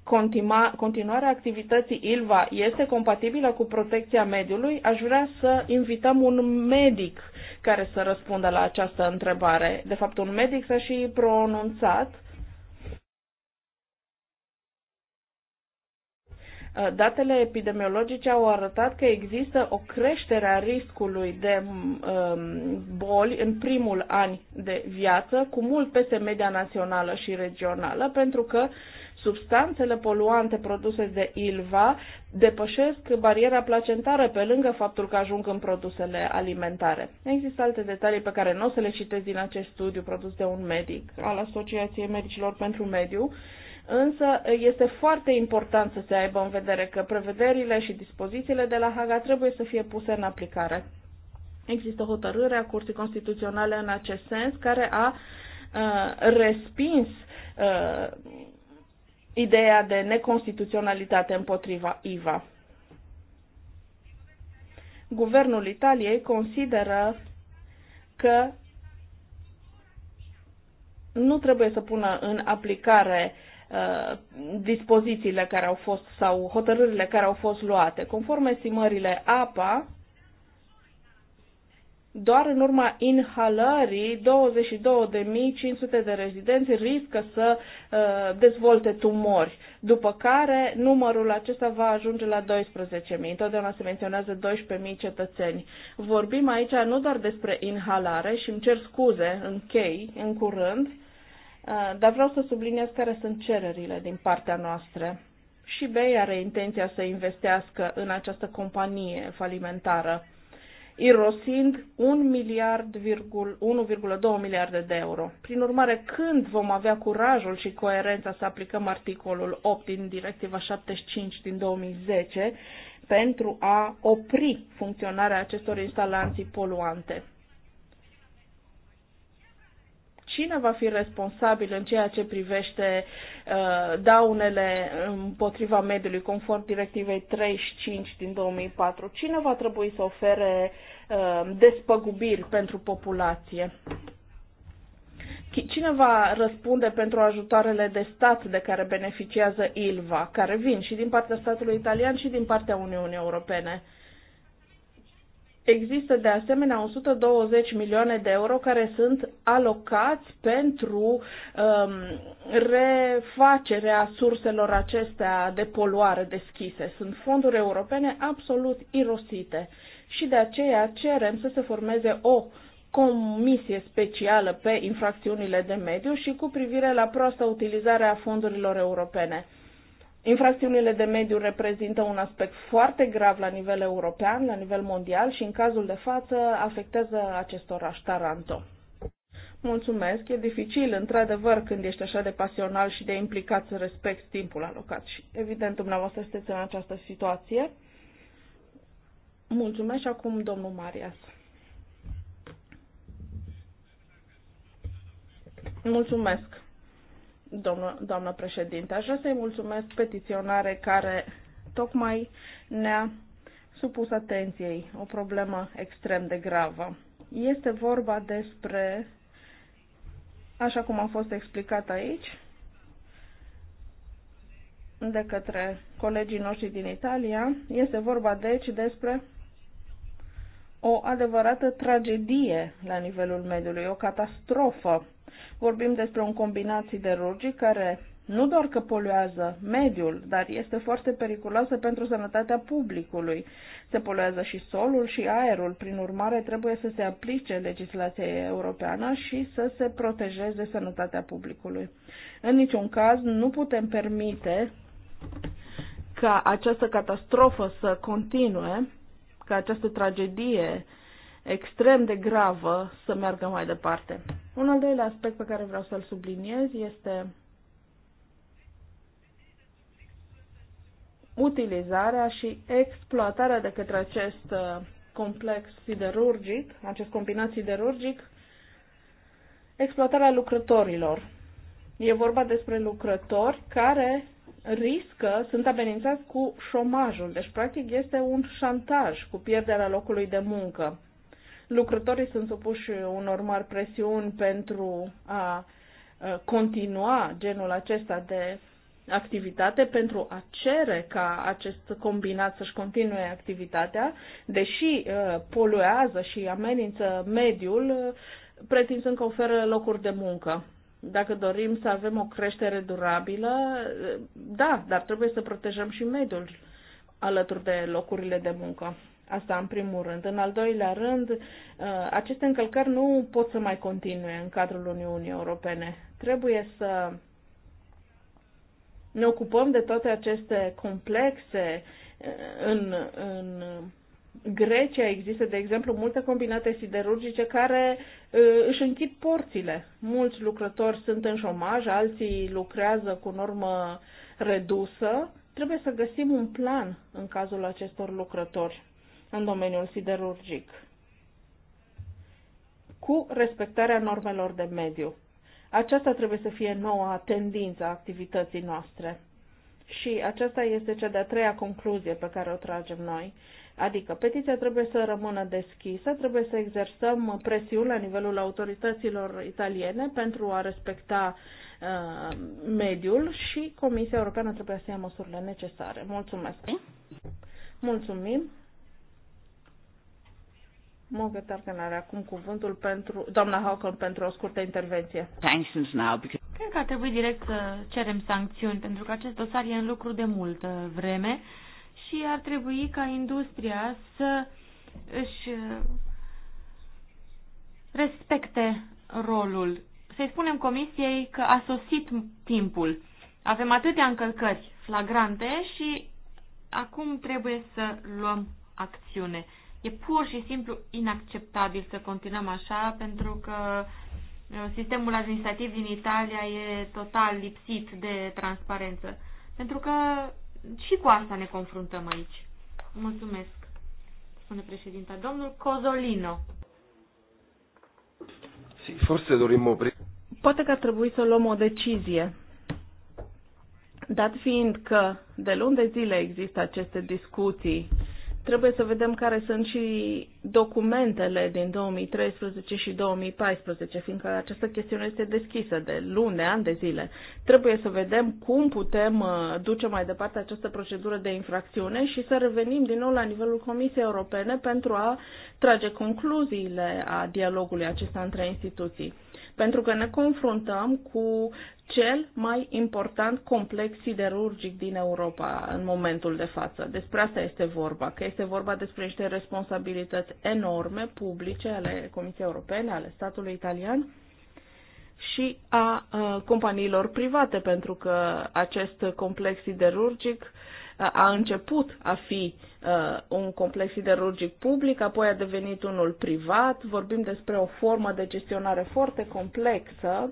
Continua, continuarea activității ILVA este compatibilă cu protecția mediului, aș vrea să invităm un medic care să răspundă la această întrebare. De fapt, un medic s-a și pronunțat Datele epidemiologice au arătat că există o creștere a riscului de um, boli în primul an de viață, cu mult peste media națională și regională, pentru că substanțele poluante produse de ILVA depășesc bariera placentară pe lângă faptul că ajung în produsele alimentare. Există alte detalii pe care nu o să le citesc din acest studiu produs de un medic al Asociației Medicilor pentru Mediu, Însă este foarte important să se aibă în vedere că prevederile și dispozițiile de la Haga trebuie să fie puse în aplicare. Există hotărârea Curții Constituționale în acest sens care a uh, respins uh, ideea de neconstituționalitate împotriva IVA. Guvernul Italiei consideră că nu trebuie să pună în aplicare uh, dispozițiile care au fost sau hotărârile care au fost luate. Conform estimările APA, doar în urma inhalării 22.500 de rezidenți riscă să uh, dezvolte tumori, după care numărul acesta va ajunge la 12.000. Întotdeauna se menționează 12.000 cetățeni. Vorbim aici nu doar despre inhalare și îmi cer scuze, chei, în curând, uh, dar vreau să subliniez care sunt cererile din partea noastră. Și Bay are intenția să investească în această companie falimentară irosind 1,2 miliard, 1,2 miliarde de euro. Prin urmare, când vom avea curajul și coerența să aplicăm articolul 8 din Directiva 75 din 2010 pentru a opri funcționarea acestor instalații poluante? cine va fi responsabil în ceea ce privește uh, daunele împotriva mediului conform directivei 35 din 2004? Cine va trebui să ofere uh, despăgubiri pentru populație? Cine va răspunde pentru ajutoarele de stat de care beneficiază ILVA, care vin și din partea statului italian și din partea Uniunii Europene? Există de asemenea 120 milioane de euro care sunt alocați pentru um, refacerea surselor acestea de poluare deschise. Sunt fonduri europene absolut irosite și de aceea cerem să se formeze o comisie specială pe infracțiunile de mediu și cu privire la proasta utilizare a fondurilor europene. Infracțiunile de mediu reprezintă un aspect foarte grav la nivel european, la nivel mondial și în cazul de față afectează acest oraș Taranto. Mulțumesc, e dificil într-adevăr când ești așa de pasional și de implicat să respecti timpul alocat și evident dumneavoastră sunteți în această situație. Mulțumesc și acum domnul Marias. Mulțumesc domnul, doamnă președinte. Aș vrea să-i mulțumesc petiționare care tocmai ne-a supus atenției o problemă extrem de gravă. Este vorba despre, așa cum a fost explicat aici, de către colegii noștri din Italia, este vorba deci despre o adevărată tragedie la nivelul mediului, o catastrofă Vorbim despre un combinat siderurgic care nu doar că poluează mediul, dar este foarte periculoasă pentru sănătatea publicului. Se poluează și solul și aerul, prin urmare trebuie să se aplice legislația europeană și să se protejeze sănătatea publicului. În niciun caz nu putem permite ca această catastrofă să continue, ca această tragedie extrem de gravă să meargă mai departe. Un al doilea aspect pe care vreau să-l subliniez este utilizarea și exploatarea de către acest uh, complex siderurgic, acest combinat siderurgic, exploatarea lucrătorilor. E vorba despre lucrători care riscă, sunt amenințați cu șomajul. Deci, practic, este un șantaj cu pierderea locului de muncă lucrătorii sunt supuși unor mari presiuni pentru a continua genul acesta de activitate pentru a cere ca acest combinat să-și continue activitatea, deși poluează și amenință mediul, pretinzând că oferă locuri de muncă. Dacă dorim să avem o creștere durabilă, da, dar trebuie să protejăm și mediul alături de locurile de muncă. Asta în primul rând. În al doilea rând, uh, aceste încălcări nu pot să mai continue în cadrul Uniunii Europene. Trebuie să ne ocupăm de toate aceste complexe. Uh, în, în Grecia există, de exemplu, multe combinate siderurgice care uh, își închid porțile. Mulți lucrători sunt în șomaj, alții lucrează cu normă redusă. Trebuie să găsim un plan în cazul acestor lucrători în domeniul siderurgic, cu respectarea normelor de mediu. Aceasta trebuie să fie noua tendință a activității noastre. Și aceasta este cea de-a treia concluzie pe care o tragem noi. Adică petiția trebuie să rămână deschisă, trebuie să exersăm presiuni la nivelul autorităților italiene pentru a respecta uh, mediul și Comisia Europeană trebuie să ia măsurile necesare. Mulțumesc! Mulțumim! Mulga Targan are acum cuvântul pentru doamna Hawken pentru o scurtă intervenție. Sanctions now because... Cred că ar trebui direct să cerem sancțiuni, pentru că acest dosar e în lucru de multă vreme și ar trebui ca industria să își uh, respecte rolul. Să-i spunem comisiei că a sosit timpul. Avem atâtea încălcări flagrante și acum trebuie să luăm acțiune. E pur și simplu inacceptabil să continuăm așa, pentru că uh, sistemul administrativ din Italia e total lipsit de transparență. Pentru că și cu asta ne confruntăm aici. Mulțumesc, spune președinta. Domnul Cozolino. Forse dorim o Poate că ar trebui să luăm o decizie. Dat fiind că de luni de zile există aceste discuții Trebuie să vedem care sunt și documentele din 2013 și 2014, fiindcă această chestiune este deschisă de luni, de ani de zile. Trebuie să vedem cum putem uh, duce mai departe această procedură de infracțiune și să revenim din nou la nivelul Comisiei Europene pentru a trage concluziile a dialogului acesta între instituții pentru că ne confruntăm cu cel mai important complex siderurgic din Europa în momentul de față. Despre asta este vorba, că este vorba despre niște responsabilități enorme, publice, ale Comisiei Europene, ale statului italian și a, a companiilor private, pentru că acest complex siderurgic a început a fi uh, un complex siderurgic public, apoi a devenit unul privat. Vorbim despre o formă de gestionare foarte complexă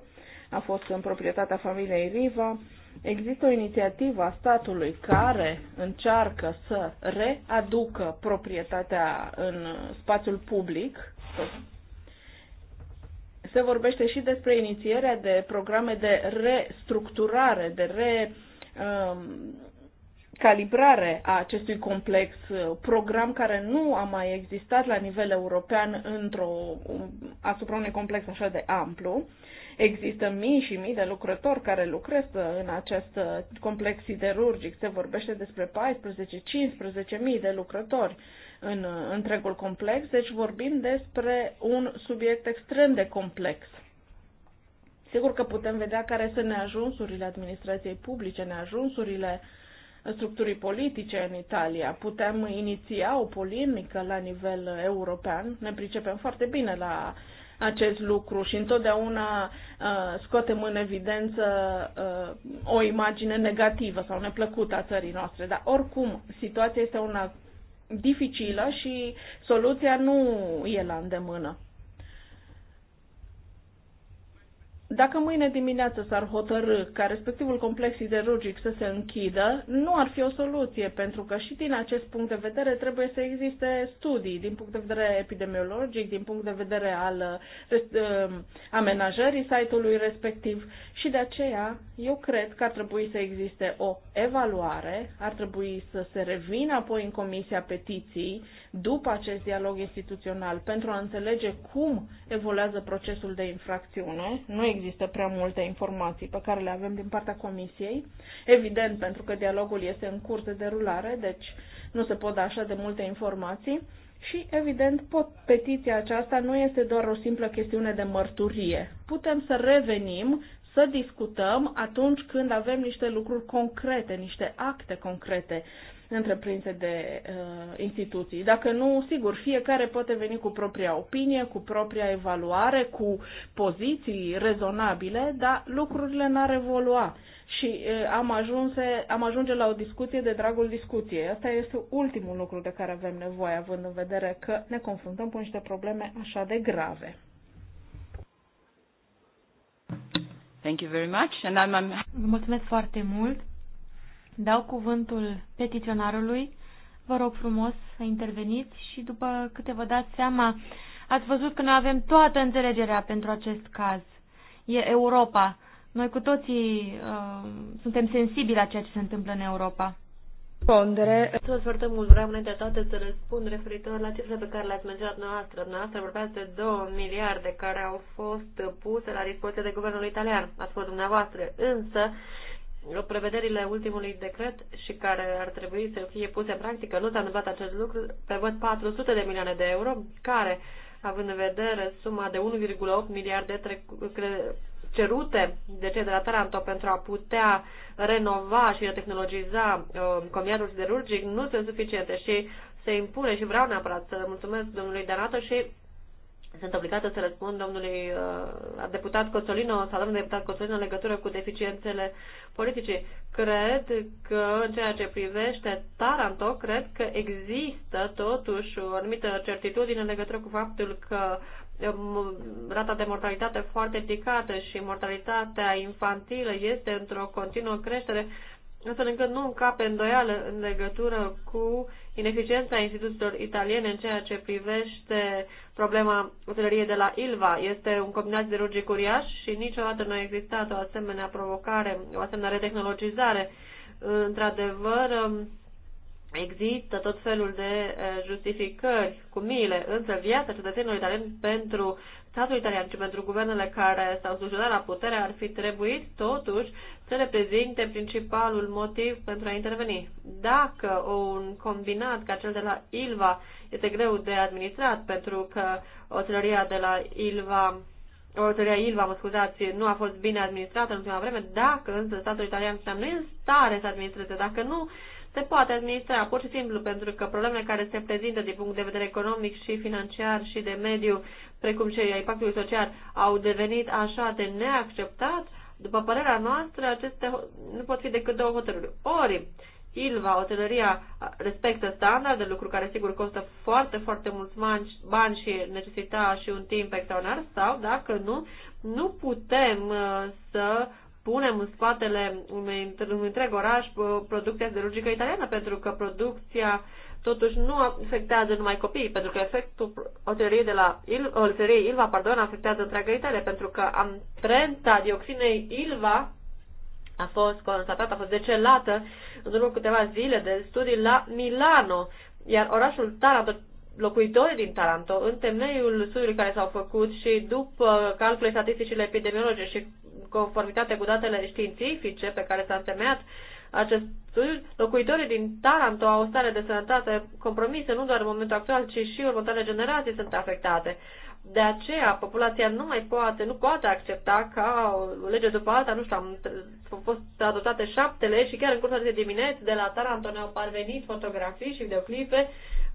a fost în proprietatea familiei Riva. Există o inițiativă a statului care încearcă să readucă proprietatea în spațiul public. Se vorbește și despre inițierea de programe de restructurare, de re, um, calibrare a acestui complex, program care nu a mai existat la nivel european într-o, asupra unui complex așa de amplu. Există mii și mii de lucrători care lucrează în acest complex siderurgic. Se vorbește despre 14-15 mii de lucrători în uh, întregul complex, deci vorbim despre un subiect extrem de complex. Sigur că putem vedea care sunt neajunsurile administrației publice, neajunsurile structurii politice în Italia. Putem iniția o polemică la nivel european. Ne pricepem foarte bine la acest lucru și întotdeauna uh, scotem în evidență uh, o imagine negativă sau neplăcută a țării noastre. Dar oricum, situația este una dificilă și soluția nu e la îndemână. Dacă mâine dimineață s-ar hotărâ ca respectivul complex siderurgic să se închidă, nu ar fi o soluție, pentru că și din acest punct de vedere trebuie să existe studii, din punct de vedere epidemiologic, din punct de vedere al ă, amenajării site-ului respectiv și de aceea, eu cred că ar trebui să existe o evaluare, ar trebui să se revină apoi în Comisia Petiții după acest dialog instituțional pentru a înțelege cum evoluează procesul de infracțiune. Nu există prea multe informații pe care le avem din partea Comisiei, evident pentru că dialogul este în curs de derulare, deci nu se pot da așa de multe informații. Și, evident, pot, petiția aceasta nu este doar o simplă chestiune de mărturie. Putem să revenim să discutăm atunci când avem niște lucruri concrete, niște acte concrete întreprinse de uh, instituții. Dacă nu, sigur, fiecare poate veni cu propria opinie, cu propria evaluare, cu poziții rezonabile, dar lucrurile n-ar evolua. Și uh, am, ajunse, am ajunge la o discuție de dragul discuției. Asta este ultimul lucru de care avem nevoie, având în vedere că ne confruntăm cu niște probleme așa de grave. Thank you very much. And I'm, I'm... Vă mulțumesc foarte mult. Dau cuvântul petiționarului. Vă rog frumos să interveniți și după câte vă dați seama, ați văzut că noi avem toată înțelegerea pentru acest caz. E Europa. Noi cu toții uh, suntem sensibili la ceea ce se întâmplă în Europa răspundere. Mulțumesc foarte mult. Vreau înainte de toate să răspund referitor la cifrele pe care le-ați menționat noastră. Noastră vorbeați de 2 miliarde care au fost puse la dispoziție de guvernul italian. Ați fost dumneavoastră. Însă, prevederile ultimului decret și care ar trebui să fie puse în practică, nu s-a întâmplat acest lucru. Prevăd 400 de milioane de euro, care, având în vedere suma de 1,8 miliarde cerute de cei de la Taranto pentru a putea renova și retehnologiza uh, comiatul siderurgic nu sunt suficiente și se impune și vreau neapărat să mulțumesc domnului Danato și sunt obligată să răspund domnului uh, deputat Cotolino sau domnul deputat Cotolino în legătură cu deficiențele politice. Cred că în ceea ce privește Taranto, cred că există totuși o anumită certitudine în legătură cu faptul că rata de mortalitate foarte ridicată și mortalitatea infantilă este într-o continuă creștere, astfel încât nu încape îndoială în legătură cu ineficiența instituțiilor italiene în ceea ce privește problema utilăriei de la Ilva. Este un combinat de rugi curiaș și niciodată nu a existat o asemenea provocare, o asemenea retehnologizare. Într-adevăr, Există tot felul de justificări cu mile, însă viața cetățenilor italieni pentru statul italian și pentru guvernele care s-au slujit la putere ar fi trebuit totuși să reprezinte principalul motiv pentru a interveni. Dacă un combinat ca cel de la Ilva este greu de administrat pentru că oțelăria de la Ilva Orătăria Ilva, mă scuzați, nu a fost bine administrată în ultima vreme, dacă însă statul italian nu e în stare să administreze, dacă nu se poate administra pur și simplu pentru că problemele care se prezintă din punct de vedere economic și financiar și de mediu, precum și ai pactului social, au devenit așa de neacceptat, după părerea noastră, aceste nu pot fi decât două hotărâri. Ori Ilva, otelăria, respectă standarde, lucru care sigur costă foarte, foarte mulți bani, bani și necesita și un timp extraordinar, sau dacă nu, nu putem uh, să punem în spatele unui, unui întreg oraș uh, producția siderurgică italiană, pentru că producția totuși nu afectează numai copiii, pentru că efectul hotelierii de la Il, hotelierii Ilva, pardon, afectează întreaga Italia, pentru că amprenta dioxinei Ilva a fost constatată, a fost decelată în urmă câteva zile de studii la Milano, iar orașul Taranto, locuitorii din Taranto, în temeiul studiului care s-au făcut și după calcule statisticile epidemiologice și conformitate cu datele științifice pe care s-a întemeiat acest studiu, locuitorii din Taranto au o stare de sănătate compromisă nu doar în momentul actual, ci și următoarele generații sunt afectate. De aceea, populația nu mai poate, nu poate accepta ca o lege după alta, nu știu, am, au fost adoptate șapte legi și chiar în cursul de dimineți de la Taranto ne-au parvenit fotografii și videoclipe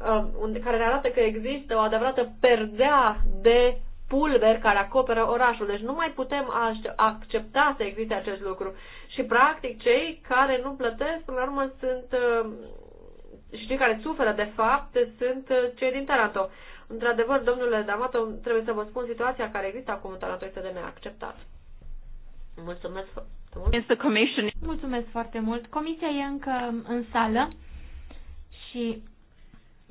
Um, care ne arată că există o adevărată perdea de pulver care acoperă orașul. Deci nu mai putem accepta să existe acest lucru. Și practic cei care nu plătesc, până la urmă, sunt um, și cei care suferă, de fapt, sunt uh, cei din Taranto. Într-adevăr, domnule D'Amato, trebuie să vă spun situația care există acum în Taranto este de neacceptat. Mulțumesc foarte mult. Mulțumesc foarte mult. Comisia e încă în sală și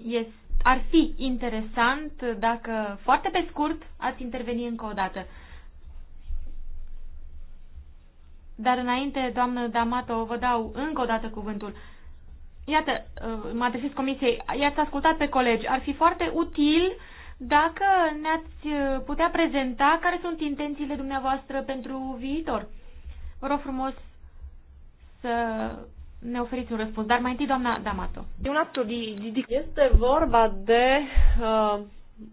este, ar fi interesant dacă, foarte pe scurt, ați interveni încă o dată. Dar înainte, doamnă D'Amato, vă dau încă o dată cuvântul. Iată, uh, mă adresez comisiei, i-ați ascultat pe colegi. Ar fi foarte util dacă ne-ați uh, putea prezenta care sunt intențiile dumneavoastră pentru viitor. Vă rog frumos să ne oferiți un răspuns. Dar mai întâi, doamna D'Amato. De un act de, de... Este vorba de uh,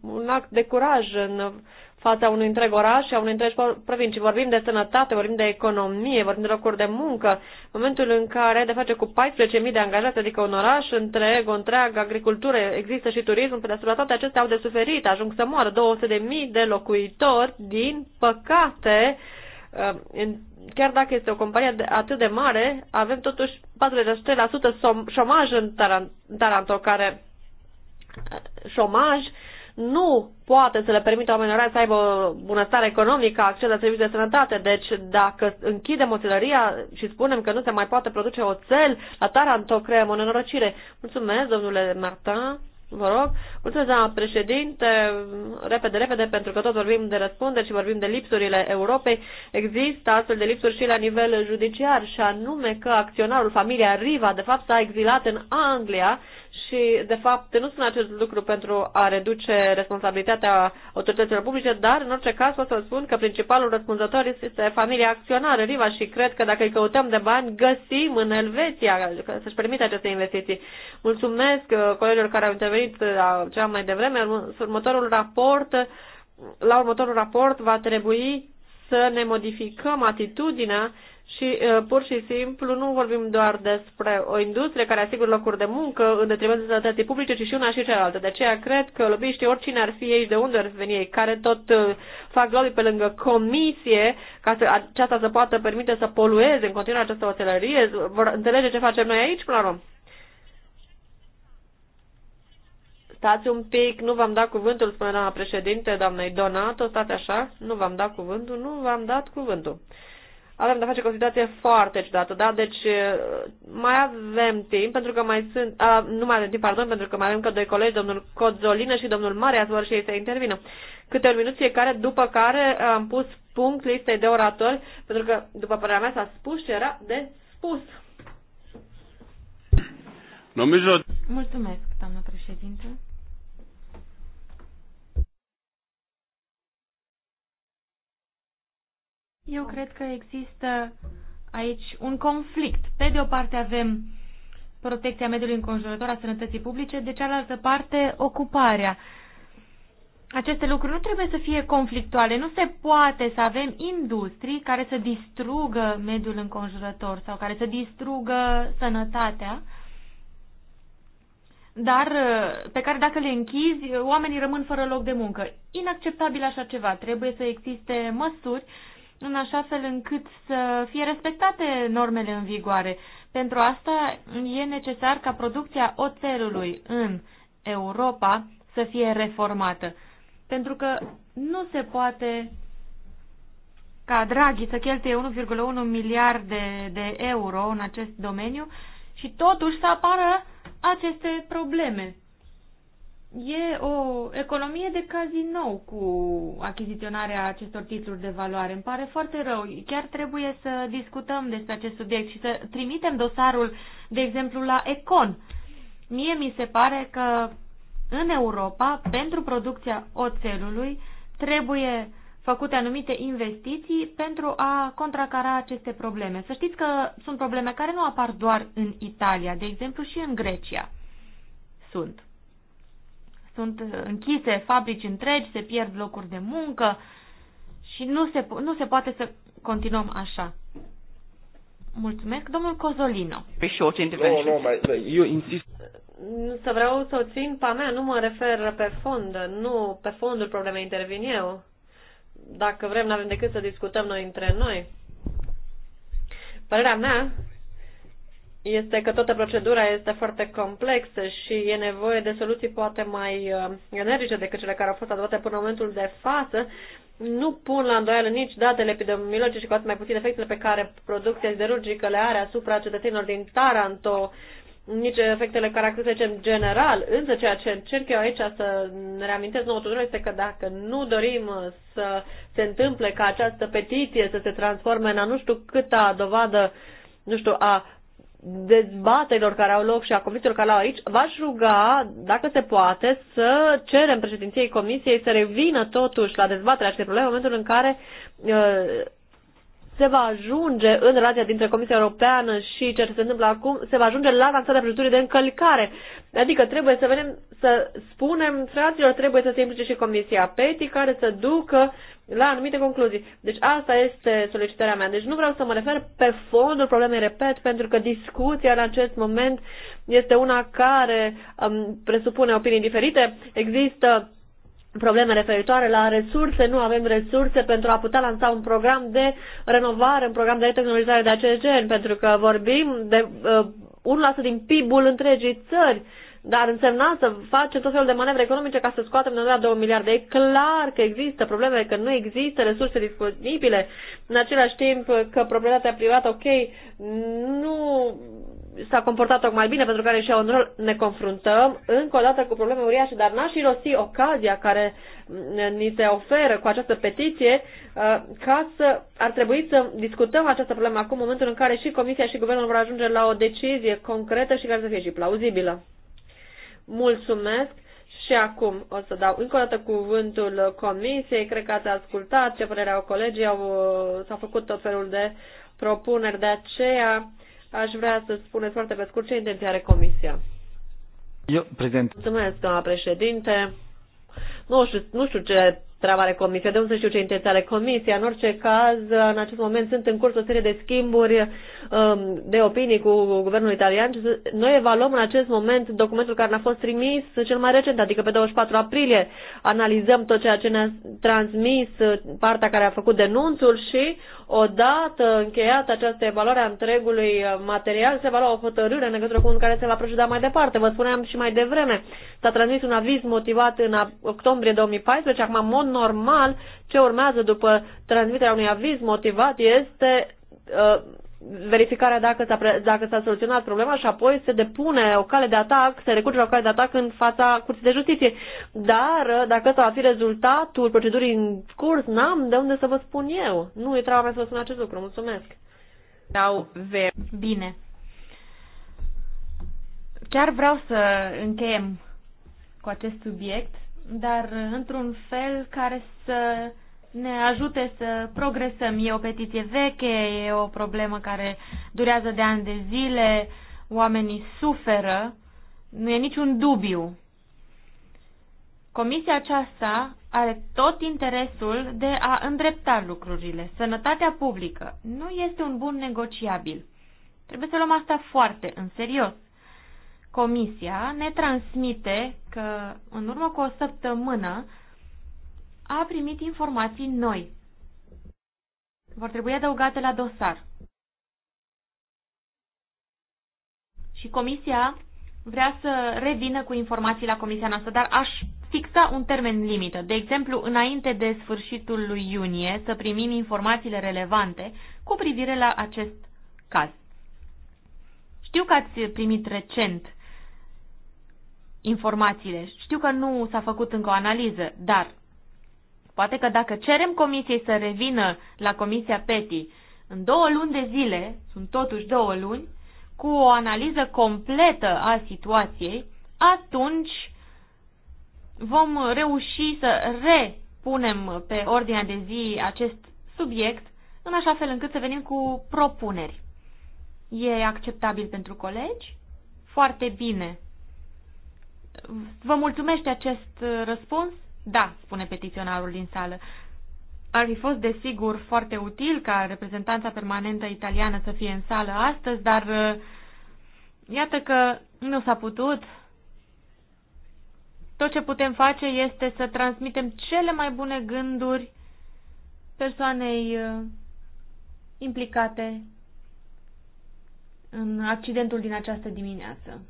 un act de curaj în fața unui întreg oraș și a unui întreg provincii. Vorbim de sănătate, vorbim de economie, vorbim de locuri de muncă. În momentul în care de face cu 14.000 de angajați, adică un oraș întreg, o întreagă agricultură, există și turism, pe deasupra toate acestea au de suferit, ajung să moară 200.000 de locuitori, din păcate, uh, chiar dacă este o companie de, atât de mare, avem totuși 43% șomaj în Taran, Taranto, care eh, șomaj nu poate să le permită oamenilor să aibă bunăstare economică, acces la servicii de sănătate. Deci dacă închidem oțelăria și spunem că nu se mai poate produce oțel, la Taranto creăm o nenorocire. Mulțumesc, domnule Martin. Vă rog. Mulțumesc, doamna președinte. Repede, repede, pentru că tot vorbim de răspunderi și vorbim de lipsurile Europei. Există astfel de lipsuri și la nivel judiciar, și anume că acționarul, familia Riva, de fapt s-a exilat în Anglia și, de fapt, nu spun acest lucru pentru a reduce responsabilitatea autorităților publice, dar, în orice caz, pot să spun că principalul răspunzător este familia acționară, Riva, și cred că dacă îi căutăm de bani, găsim în Elveția să-și permite aceste investiții. Mulțumesc uh, colegilor care au intervenit uh, cea mai devreme. Următorul raport, la următorul raport va trebui să ne modificăm atitudinea și pur și simplu nu vorbim doar despre o industrie care asigură locuri de muncă în detrimentul sănătății publice, ci și una și cealaltă. De aceea cred că lobiștii, oricine ar fi ei, de unde ar veni ei, care tot fac lobby pe lângă comisie, ca să, aceasta să poată permite să polueze în continuare această oțelărie, vor înțelege ce facem noi aici, până la urmă. Stați un pic, nu v-am dat cuvântul, spune doamna președinte, doamnei Donato, stați așa, nu v-am dat cuvântul, nu v-am dat cuvântul avem de-a face cu o situație foarte ciudată, da? Deci mai avem timp, pentru că mai sunt, a, nu mai avem timp, pardon, pentru că mai avem că doi colegi, domnul Codzolină și domnul Marias, vor și ei să intervină. Câte un minut fiecare, după care am pus punct listei de oratori, pentru că, după părerea mea, s-a spus ce era de spus. Mulțumesc, doamnă președinte. Eu cred că există aici un conflict. Pe de o parte avem protecția mediului înconjurător a sănătății publice, de cealaltă parte ocuparea. Aceste lucruri nu trebuie să fie conflictuale. Nu se poate să avem industrii care să distrugă mediul înconjurător sau care să distrugă sănătatea, dar pe care dacă le închizi, oamenii rămân fără loc de muncă. Inacceptabil așa ceva. Trebuie să existe măsuri uh, în așa fel încât să fie respectate normele în vigoare. Pentru asta e necesar ca producția oțelului în Europa să fie reformată. Pentru că nu se poate ca Draghi să cheltuie 1,1 miliarde de euro în acest domeniu și totuși să apară aceste probleme. E o economie de cazinou cu achiziționarea acestor titluri de valoare. Îmi pare foarte rău. Chiar trebuie să discutăm despre acest subiect și să trimitem dosarul, de exemplu, la Econ. Mie mi se pare că în Europa, pentru producția oțelului, trebuie făcute anumite investiții pentru a contracara aceste probleme. Să știți că sunt probleme care nu apar doar în Italia, de exemplu și în Grecia sunt sunt închise fabrici întregi, se pierd locuri de muncă și nu se, nu se poate să continuăm așa. Mulțumesc, domnul Cozolino. Pe short intervention. No, no, eu insist. Să vreau să o țin pe mea, nu mă refer pe fond, nu pe fondul problemei intervin eu. Dacă vrem, n-avem decât să discutăm noi între noi. Părerea mea este că toată procedura este foarte complexă și e nevoie de soluții poate mai uh, energice decât cele care au fost adoptate până în momentul de față. Nu pun la îndoială nici datele epidemiologice și cu atât mai puțin efectele pe care producția siderurgică le are asupra cetățenilor din Taranto, nici efectele caracteristice în general. Însă ceea ce încerc eu aici să ne reamintesc nouă tuturor este că dacă nu dorim să se întâmple ca această petiție să se transforme în a nu știu câta dovadă nu știu, a dezbaterilor care au loc și a comisiilor care au aici, v-aș ruga, dacă se poate, să cerem președinției Comisiei să revină totuși la dezbaterea acestei probleme în momentul în care uh, se va ajunge în relația dintre Comisia Europeană și ce se întâmplă acum, se va ajunge la lansarea procedurii de încălcare. Adică trebuie să venim să spunem, fraților, trebuie să se implice și Comisia PETI care să ducă la anumite concluzii. Deci asta este solicitarea mea. Deci nu vreau să mă refer pe fondul problemei, repet, pentru că discuția în acest moment este una care um, presupune opinii diferite. Există probleme referitoare la resurse, nu avem resurse pentru a putea lansa un program de renovare, un program de tehnologizare de acest gen, pentru că vorbim de uh, 1% din PIB-ul întregii țări, dar însemna să facem tot felul de manevre economice ca să scoatem de 2 miliarde. E clar că există probleme, că nu există resurse disponibile. În același timp că proprietatea privată, ok, nu s-a comportat tocmai bine, pentru care și eu ne confruntăm încă o dată cu probleme uriașe, dar n-aș irosi ocazia care ni se oferă cu această petiție uh, ca să ar trebui să discutăm această problemă acum, în momentul în care și Comisia și Guvernul vor ajunge la o decizie concretă și care să fie și plauzibilă. Mulțumesc! Și acum o să dau încă o dată cuvântul Comisiei. Cred că ați ascultat ce părere au colegii, au, s-au făcut tot felul de propuneri, de aceea Aș vrea să spuneți foarte pe scurt ce intenție are Comisia. Eu, prezent. Mulțumesc, doamna președinte. Nu știu, nu știu ce treabă are Comisia, de unde știu ce intenție are Comisia. În orice caz, în acest moment sunt în curs o serie de schimburi um, de opinii cu guvernul italian. Noi evaluăm în acest moment documentul care ne-a fost trimis cel mai recent, adică pe 24 aprilie. Analizăm tot ceea ce ne-a transmis partea care a făcut denunțul și Odată încheiată această evaluare a întregului uh, material, se va lua o hotărâre în legătură cu în care se va proceda mai departe. Vă spuneam și mai devreme, s-a transmis un aviz motivat în octombrie 2014, acum, în mod normal, ce urmează după transmiterea unui aviz motivat este uh, verificarea dacă s-a, dacă s-a soluționat problema și apoi se depune o cale de atac, se recurge la o cale de atac în fața Curții de Justiție. Dar uh, dacă ăsta va fi rezultatul procedurii în curs, n-am de unde să vă spun eu. Nu e treaba mea să vă spun acest lucru. Mulțumesc. Sau Bine. Chiar vreau să încheiem cu acest subiect, dar într-un fel care să ne ajute să progresăm. E o petiție veche, e o problemă care durează de ani de zile, oamenii suferă, nu e niciun dubiu. Comisia aceasta are tot interesul de a îndrepta lucrurile. Sănătatea publică nu este un bun negociabil. Trebuie să luăm asta foarte în serios. Comisia ne transmite că în urmă cu o săptămână a primit informații noi. Vor trebui adăugate la dosar. Și comisia vrea să revină cu informații la comisia noastră, dar aș fixa un termen limită. De exemplu, înainte de sfârșitul lui iunie să primim informațiile relevante cu privire la acest caz. Știu că ați primit recent informațiile, știu că nu s-a făcut încă o analiză, dar Poate că dacă cerem comisiei să revină la Comisia PETI în două luni de zile, sunt totuși două luni, cu o analiză completă a situației, atunci vom reuși să repunem pe ordinea de zi acest subiect în așa fel încât să venim cu propuneri. E acceptabil pentru colegi? Foarte bine. Vă mulțumește acest răspuns? Da, spune petiționarul din sală. Ar fi fost, desigur, foarte util ca reprezentanța permanentă italiană să fie în sală astăzi, dar uh, iată că nu s-a putut. Tot ce putem face este să transmitem cele mai bune gânduri persoanei uh, implicate în accidentul din această dimineață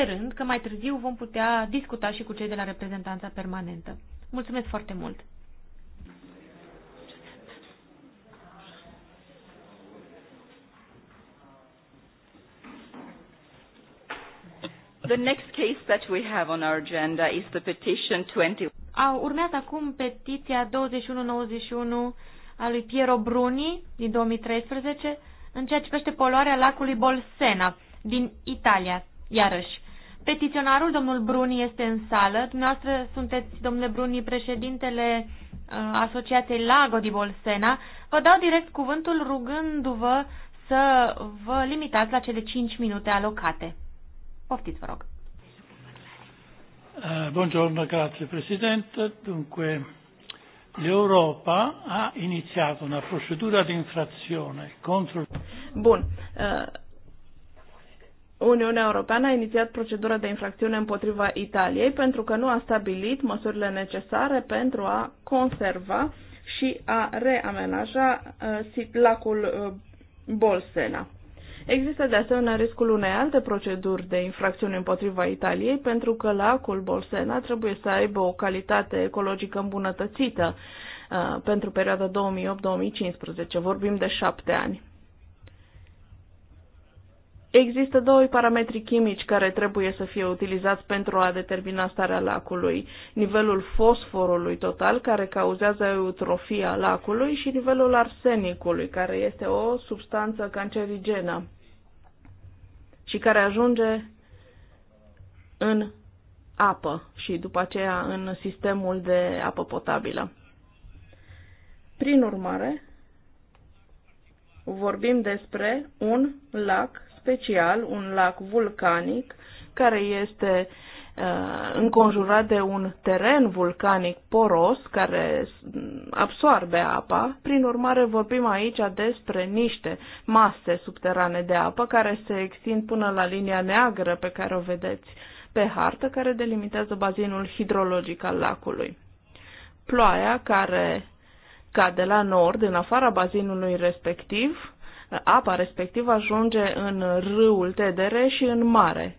sperând că mai târziu vom putea discuta și cu cei de la reprezentanța permanentă. Mulțumesc foarte mult! The next case that we have on our agenda is the petition 20. A urmează acum petiția 2191 a lui Piero Bruni din 2013 în ceea ce privește poluarea lacului Bolsena din Italia, iarăși. Petiționarul, domnul Bruni, este în sală. Dumneavoastră sunteți, domnule Bruni, președintele uh, Asociației Lago di Bolsena. Vă dau direct cuvântul rugându-vă să vă limitați la cele 5 minute alocate. Poftiți, vă rog. Uh, buongiorno, grazie Presidente. Dunque, l'Europa ha iniziato una procedura di infrazione contro... Bun, uh, Uniunea Europeană a inițiat procedura de infracțiune împotriva Italiei pentru că nu a stabilit măsurile necesare pentru a conserva și a reamenaja uh, lacul uh, Bolsena. Există de asemenea riscul unei alte proceduri de infracțiune împotriva Italiei pentru că lacul Bolsena trebuie să aibă o calitate ecologică îmbunătățită uh, pentru perioada 2008-2015. Vorbim de șapte ani. Există doi parametri chimici care trebuie să fie utilizați pentru a determina starea lacului. Nivelul fosforului total, care cauzează eutrofia lacului, și nivelul arsenicului, care este o substanță cancerigenă și care ajunge în apă și după aceea în sistemul de apă potabilă. Prin urmare, vorbim despre un lac special, un lac vulcanic care este uh, înconjurat de un teren vulcanic poros care absoarbe apa. Prin urmare, vorbim aici despre niște mase subterane de apă care se extind până la linia neagră pe care o vedeți pe hartă, care delimitează bazinul hidrologic al lacului. Ploaia care cade la nord, în afara bazinului respectiv, apa respectivă ajunge în râul TDR și în mare.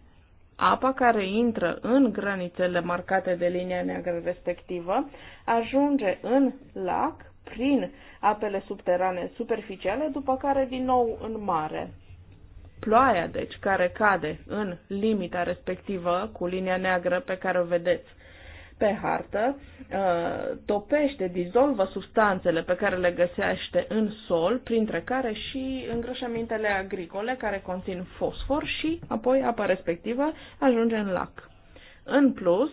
Apa care intră în granițele marcate de linia neagră respectivă ajunge în lac prin apele subterane superficiale, după care din nou în mare. Ploaia, deci, care cade în limita respectivă cu linia neagră pe care o vedeți pe hartă, uh, topește, dizolvă substanțele pe care le găsește în sol, printre care și îngrășămintele agricole care conțin fosfor și apoi apa respectivă ajunge în lac. În plus,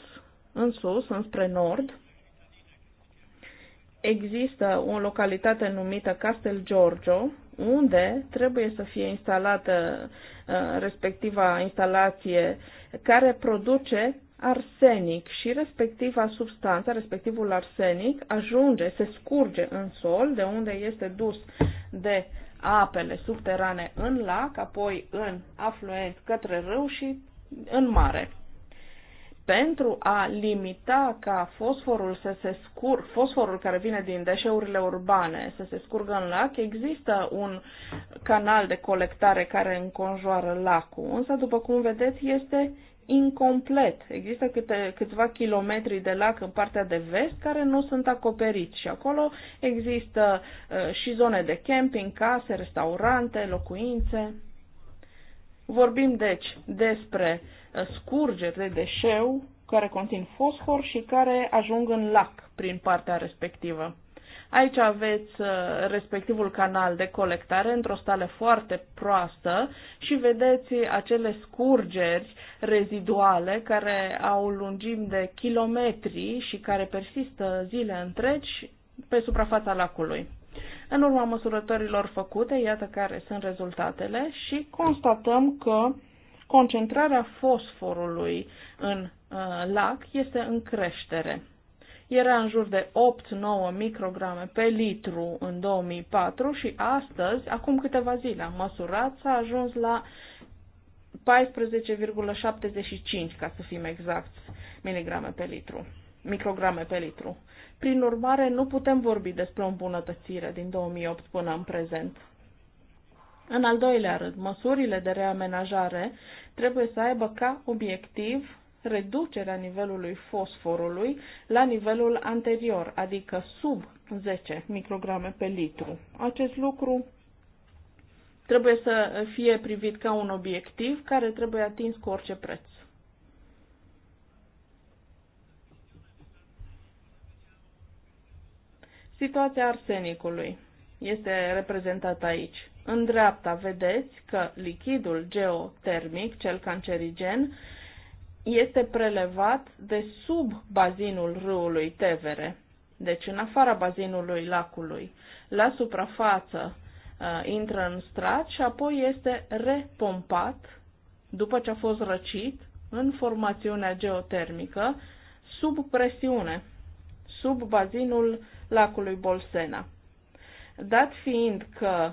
în sus, înspre nord, există o localitate numită Castel Giorgio, unde trebuie să fie instalată uh, respectiva instalație care produce arsenic și respectiva substanță, respectivul arsenic, ajunge, se scurge în sol, de unde este dus de apele subterane în lac, apoi în afluent către râu și în mare. Pentru a limita ca fosforul să se scur, fosforul care vine din deșeurile urbane să se scurgă în lac, există un canal de colectare care înconjoară lacul, însă după cum vedeți este incomplet. Există câte, câțiva kilometri de lac în partea de vest care nu sunt acoperiți și acolo există uh, și zone de camping, case, restaurante, locuințe. Vorbim deci despre uh, scurgeri de deșeu care conțin fosfor și care ajung în lac prin partea respectivă. Aici aveți uh, respectivul canal de colectare într-o stare foarte proastă și vedeți acele scurgeri reziduale care au lungim de kilometri și care persistă zile întregi pe suprafața lacului. În urma măsurătorilor făcute, iată care sunt rezultatele și constatăm că concentrarea fosforului în uh, lac este în creștere era în jur de 8-9 micrograme pe litru în 2004 și astăzi, acum câteva zile am măsurat, s-a ajuns la 14,75, ca să fim exact miligrame pe litru, micrograme pe litru. Prin urmare, nu putem vorbi despre o îmbunătățire din 2008 până în prezent. În al doilea rând, măsurile de reamenajare trebuie să aibă ca obiectiv reducerea nivelului fosforului la nivelul anterior, adică sub 10 micrograme pe litru. Acest lucru trebuie să fie privit ca un obiectiv care trebuie atins cu orice preț. Situația arsenicului este reprezentată aici. În dreapta vedeți că lichidul geotermic, cel cancerigen, este prelevat de sub bazinul râului Tevere, deci în afara bazinului lacului, la suprafață uh, intră în strat și apoi este repompat după ce a fost răcit în formațiunea geotermică sub presiune, sub bazinul lacului Bolsena. Dat fiind că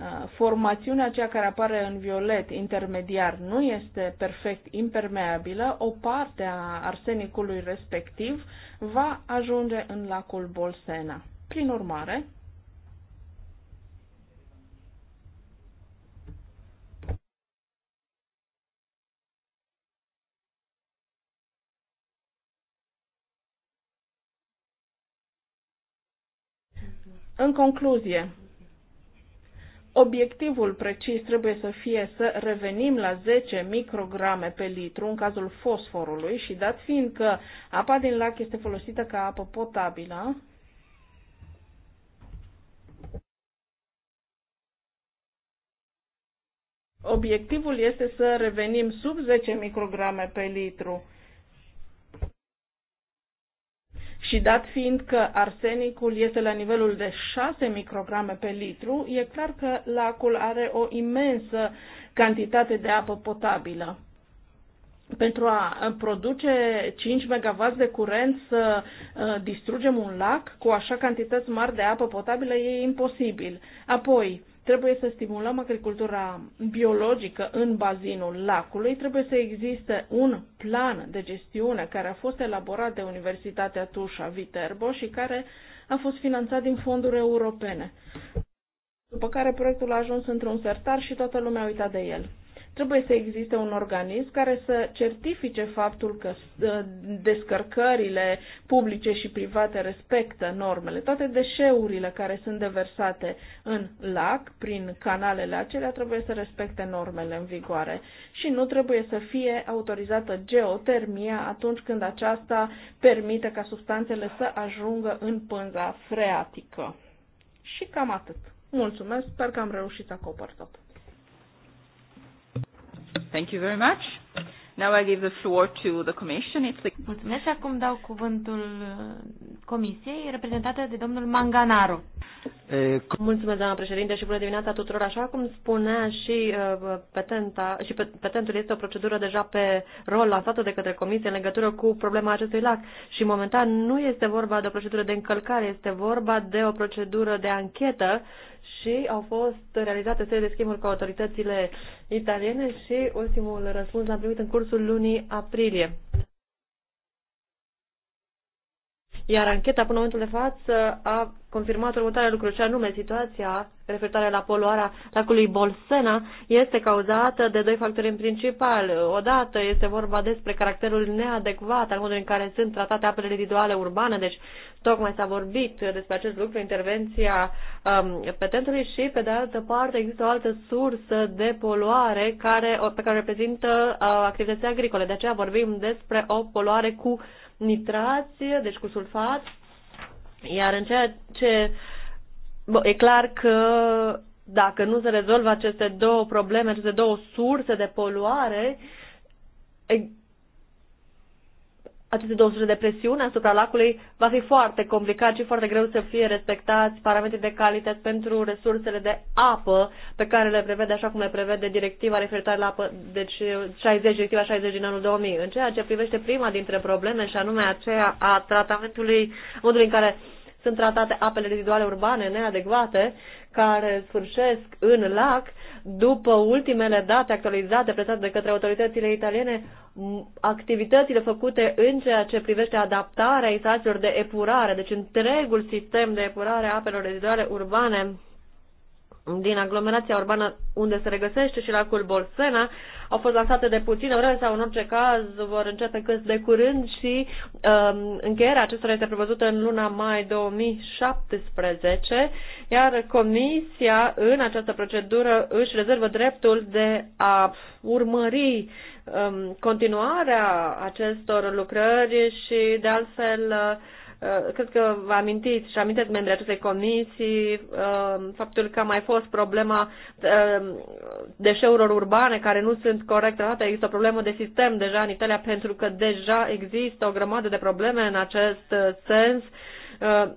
Uh, formațiunea aceea care apare în violet intermediar nu este perfect impermeabilă, o parte a arsenicului respectiv va ajunge în lacul Bolsena. Prin urmare, În concluzie, Obiectivul precis trebuie să fie să revenim la 10 micrograme pe litru în cazul fosforului și dat fiind că apa din lac este folosită ca apă potabilă, Obiectivul este să revenim sub 10 micrograme pe litru Și dat fiind că arsenicul este la nivelul de 6 micrograme pe litru, e clar că lacul are o imensă cantitate de apă potabilă. Pentru a produce 5 MW de curent să distrugem un lac cu așa cantități mari de apă potabilă e imposibil. Apoi, Trebuie să stimulăm agricultura biologică în bazinul lacului, trebuie să existe un plan de gestiune care a fost elaborat de Universitatea Tușa Viterbo și care a fost finanțat din fonduri europene. După care proiectul a ajuns într-un sertar și toată lumea a uitat de el. Trebuie să existe un organism care să certifice faptul că ă, descărcările publice și private respectă normele. Toate deșeurile care sunt deversate în lac, prin canalele acelea, trebuie să respecte normele în vigoare și nu trebuie să fie autorizată geotermia atunci când aceasta permite ca substanțele să ajungă în pânza freatică. Și cam atât. Mulțumesc, sper că am reușit să acopăr tot. Thank you very much. Now I give the floor to the commission. It's the... Mulțumesc și acum dau cuvântul uh, comisiei reprezentată de domnul Manganaro. Mulțumesc, doamna președinte, și bună dimineața tuturor. Așa cum spunea și, uh, petenta, și petentul este o procedură deja pe rol lansată de către comisie în legătură cu problema acestui lac. Și momentan nu este vorba de o procedură de încălcare, este vorba de o procedură de anchetă uh, și au fost realizate serie de schimburi cu autoritățile italiene și ultimul răspuns l-am primit în cursul lunii aprilie. Iar ancheta până în momentul de față a confirmat următoarele lucruri, și anume situația referitoare la poluarea lacului Bolsena este cauzată de doi factori în principal. Odată este vorba despre caracterul neadecvat al modului în care sunt tratate apele individuale urbane, deci tocmai s-a vorbit despre acest lucru, intervenția um, petentului și, pe de altă parte, există o altă sursă de poluare care, pe care reprezintă uh, activitățile agricole. De aceea vorbim despre o poluare cu nitrați, deci cu sulfat, iar în ceea ce bă, e clar că dacă nu se rezolvă aceste două probleme, aceste două surse de poluare, aceste dosuri de presiune asupra lacului va fi foarte complicat și foarte greu să fie respectați parametrii de calitate pentru resursele de apă pe care le prevede, așa cum le prevede directiva referitoare la apă, deci 60, directiva 60 din anul 2000. În ceea ce privește prima dintre probleme, și anume aceea a tratamentului, modul în care uh, sunt tratate apele reziduale urbane neadecvate care sfârșesc în lac. După ultimele date actualizate prezentate de către autoritățile italiene, activitățile făcute în ceea ce privește adaptarea instalațiilor de epurare, deci întregul sistem de epurare a apelor reziduale urbane din aglomerația urbană unde se regăsește și lacul Bolsena, au fost lansate de puțină vreme sau în orice caz vor începe cât de curând și um, încheierea acestora este prevăzută în luna mai 2017, iar Comisia în această procedură își rezervă dreptul de a urmări um, continuarea acestor lucrări și de altfel uh, Uh, cred că vă amintiți și amintesc membrii acestei comisii uh, faptul că a mai fost problema uh, deșeurilor urbane care nu sunt corect tratate. Există o problemă de sistem deja în Italia pentru că deja există o grămadă de probleme în acest sens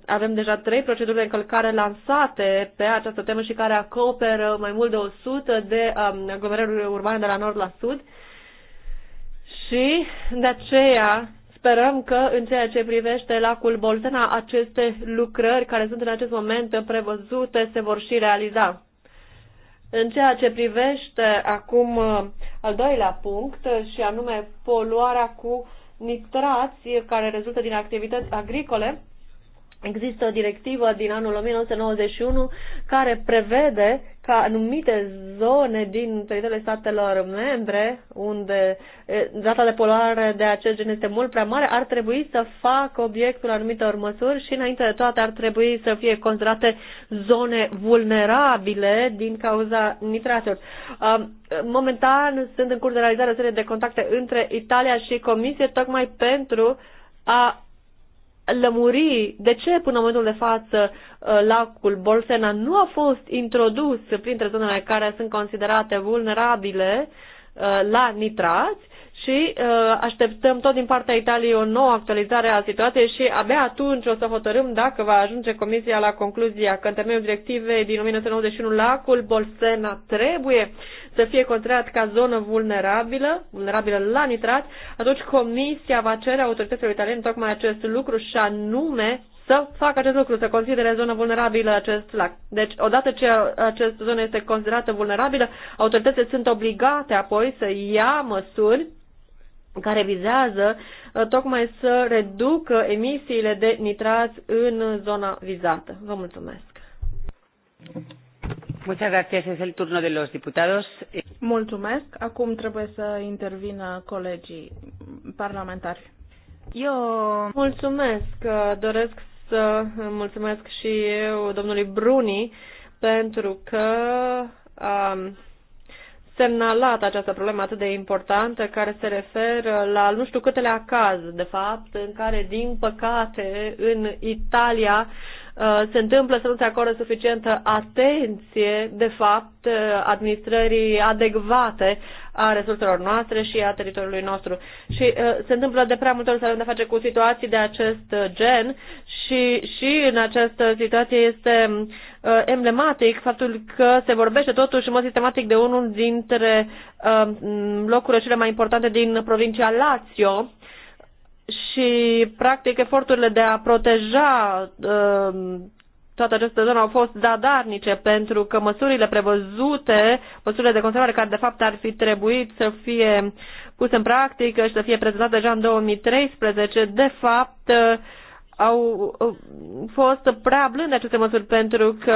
avem deja trei proceduri de încălcare lansate pe această temă și care acoperă mai mult de 100 de um, aglomerări urbane de la nord la sud. Și de aceea Sperăm că în ceea ce privește lacul Boltena, aceste lucrări care sunt în acest moment prevăzute se vor și realiza. În ceea ce privește acum uh, al doilea punct uh, și anume poluarea cu nitrați care rezultă din activități agricole, Există o directivă din anul 1991 care prevede ca anumite zone din teritoriile statelor membre, unde data de poluare de acest gen este mult prea mare, ar trebui să facă obiectul anumitor măsuri și, înainte de toate, ar trebui să fie considerate zone vulnerabile din cauza nitraților. Momentan sunt în curs de realizare o serie de contacte între Italia și Comisie, tocmai pentru a lămuri de ce până în momentul de față uh, lacul Bolsena nu a fost introdus printre zonele care sunt considerate vulnerabile uh, la nitrați și uh, așteptăm tot din partea Italiei o nouă actualizare a situației și abia atunci o să hotărâm dacă va ajunge Comisia la concluzia că în termenul directivei din 1991 lacul Bolsena trebuie să fie considerat ca zonă vulnerabilă, vulnerabilă la nitrat, atunci Comisia va cere autorităților italiene tocmai acest lucru și anume să facă acest lucru, să considere zonă vulnerabilă acest lac. Deci, odată ce această zonă este considerată vulnerabilă, autoritățile sunt obligate apoi să ia măsuri care vizează uh, tocmai să reducă emisiile de nitrați în zona vizată. Vă mulțumesc. Muchas gracias. Es el turno de los diputados. Mulțumesc. Acum trebuie să intervină colegii parlamentari. Eu mulțumesc. Doresc să mulțumesc și eu domnului Bruni pentru că um, semnalat această problemă atât de importantă care se referă la nu știu câtele acaz, de fapt, în care, din păcate, în Italia uh, se întâmplă să nu se acordă suficientă atenție, de fapt, uh, administrării adecvate a resurselor noastre și a teritoriului nostru. Și uh, se întâmplă de prea multe ori să avem de face cu situații de acest gen și, și în această situație este uh, emblematic faptul că se vorbește totuși în mod sistematic de unul dintre uh, locurile cele mai importante din provincia Lazio și practic eforturile de a proteja uh, toată această zonă au fost zadarnice pentru că măsurile prevăzute, măsurile de conservare care de fapt ar fi trebuit să fie puse în practică și să fie prezentate deja în 2013, de fapt uh, au fost prea blânde aceste măsuri pentru că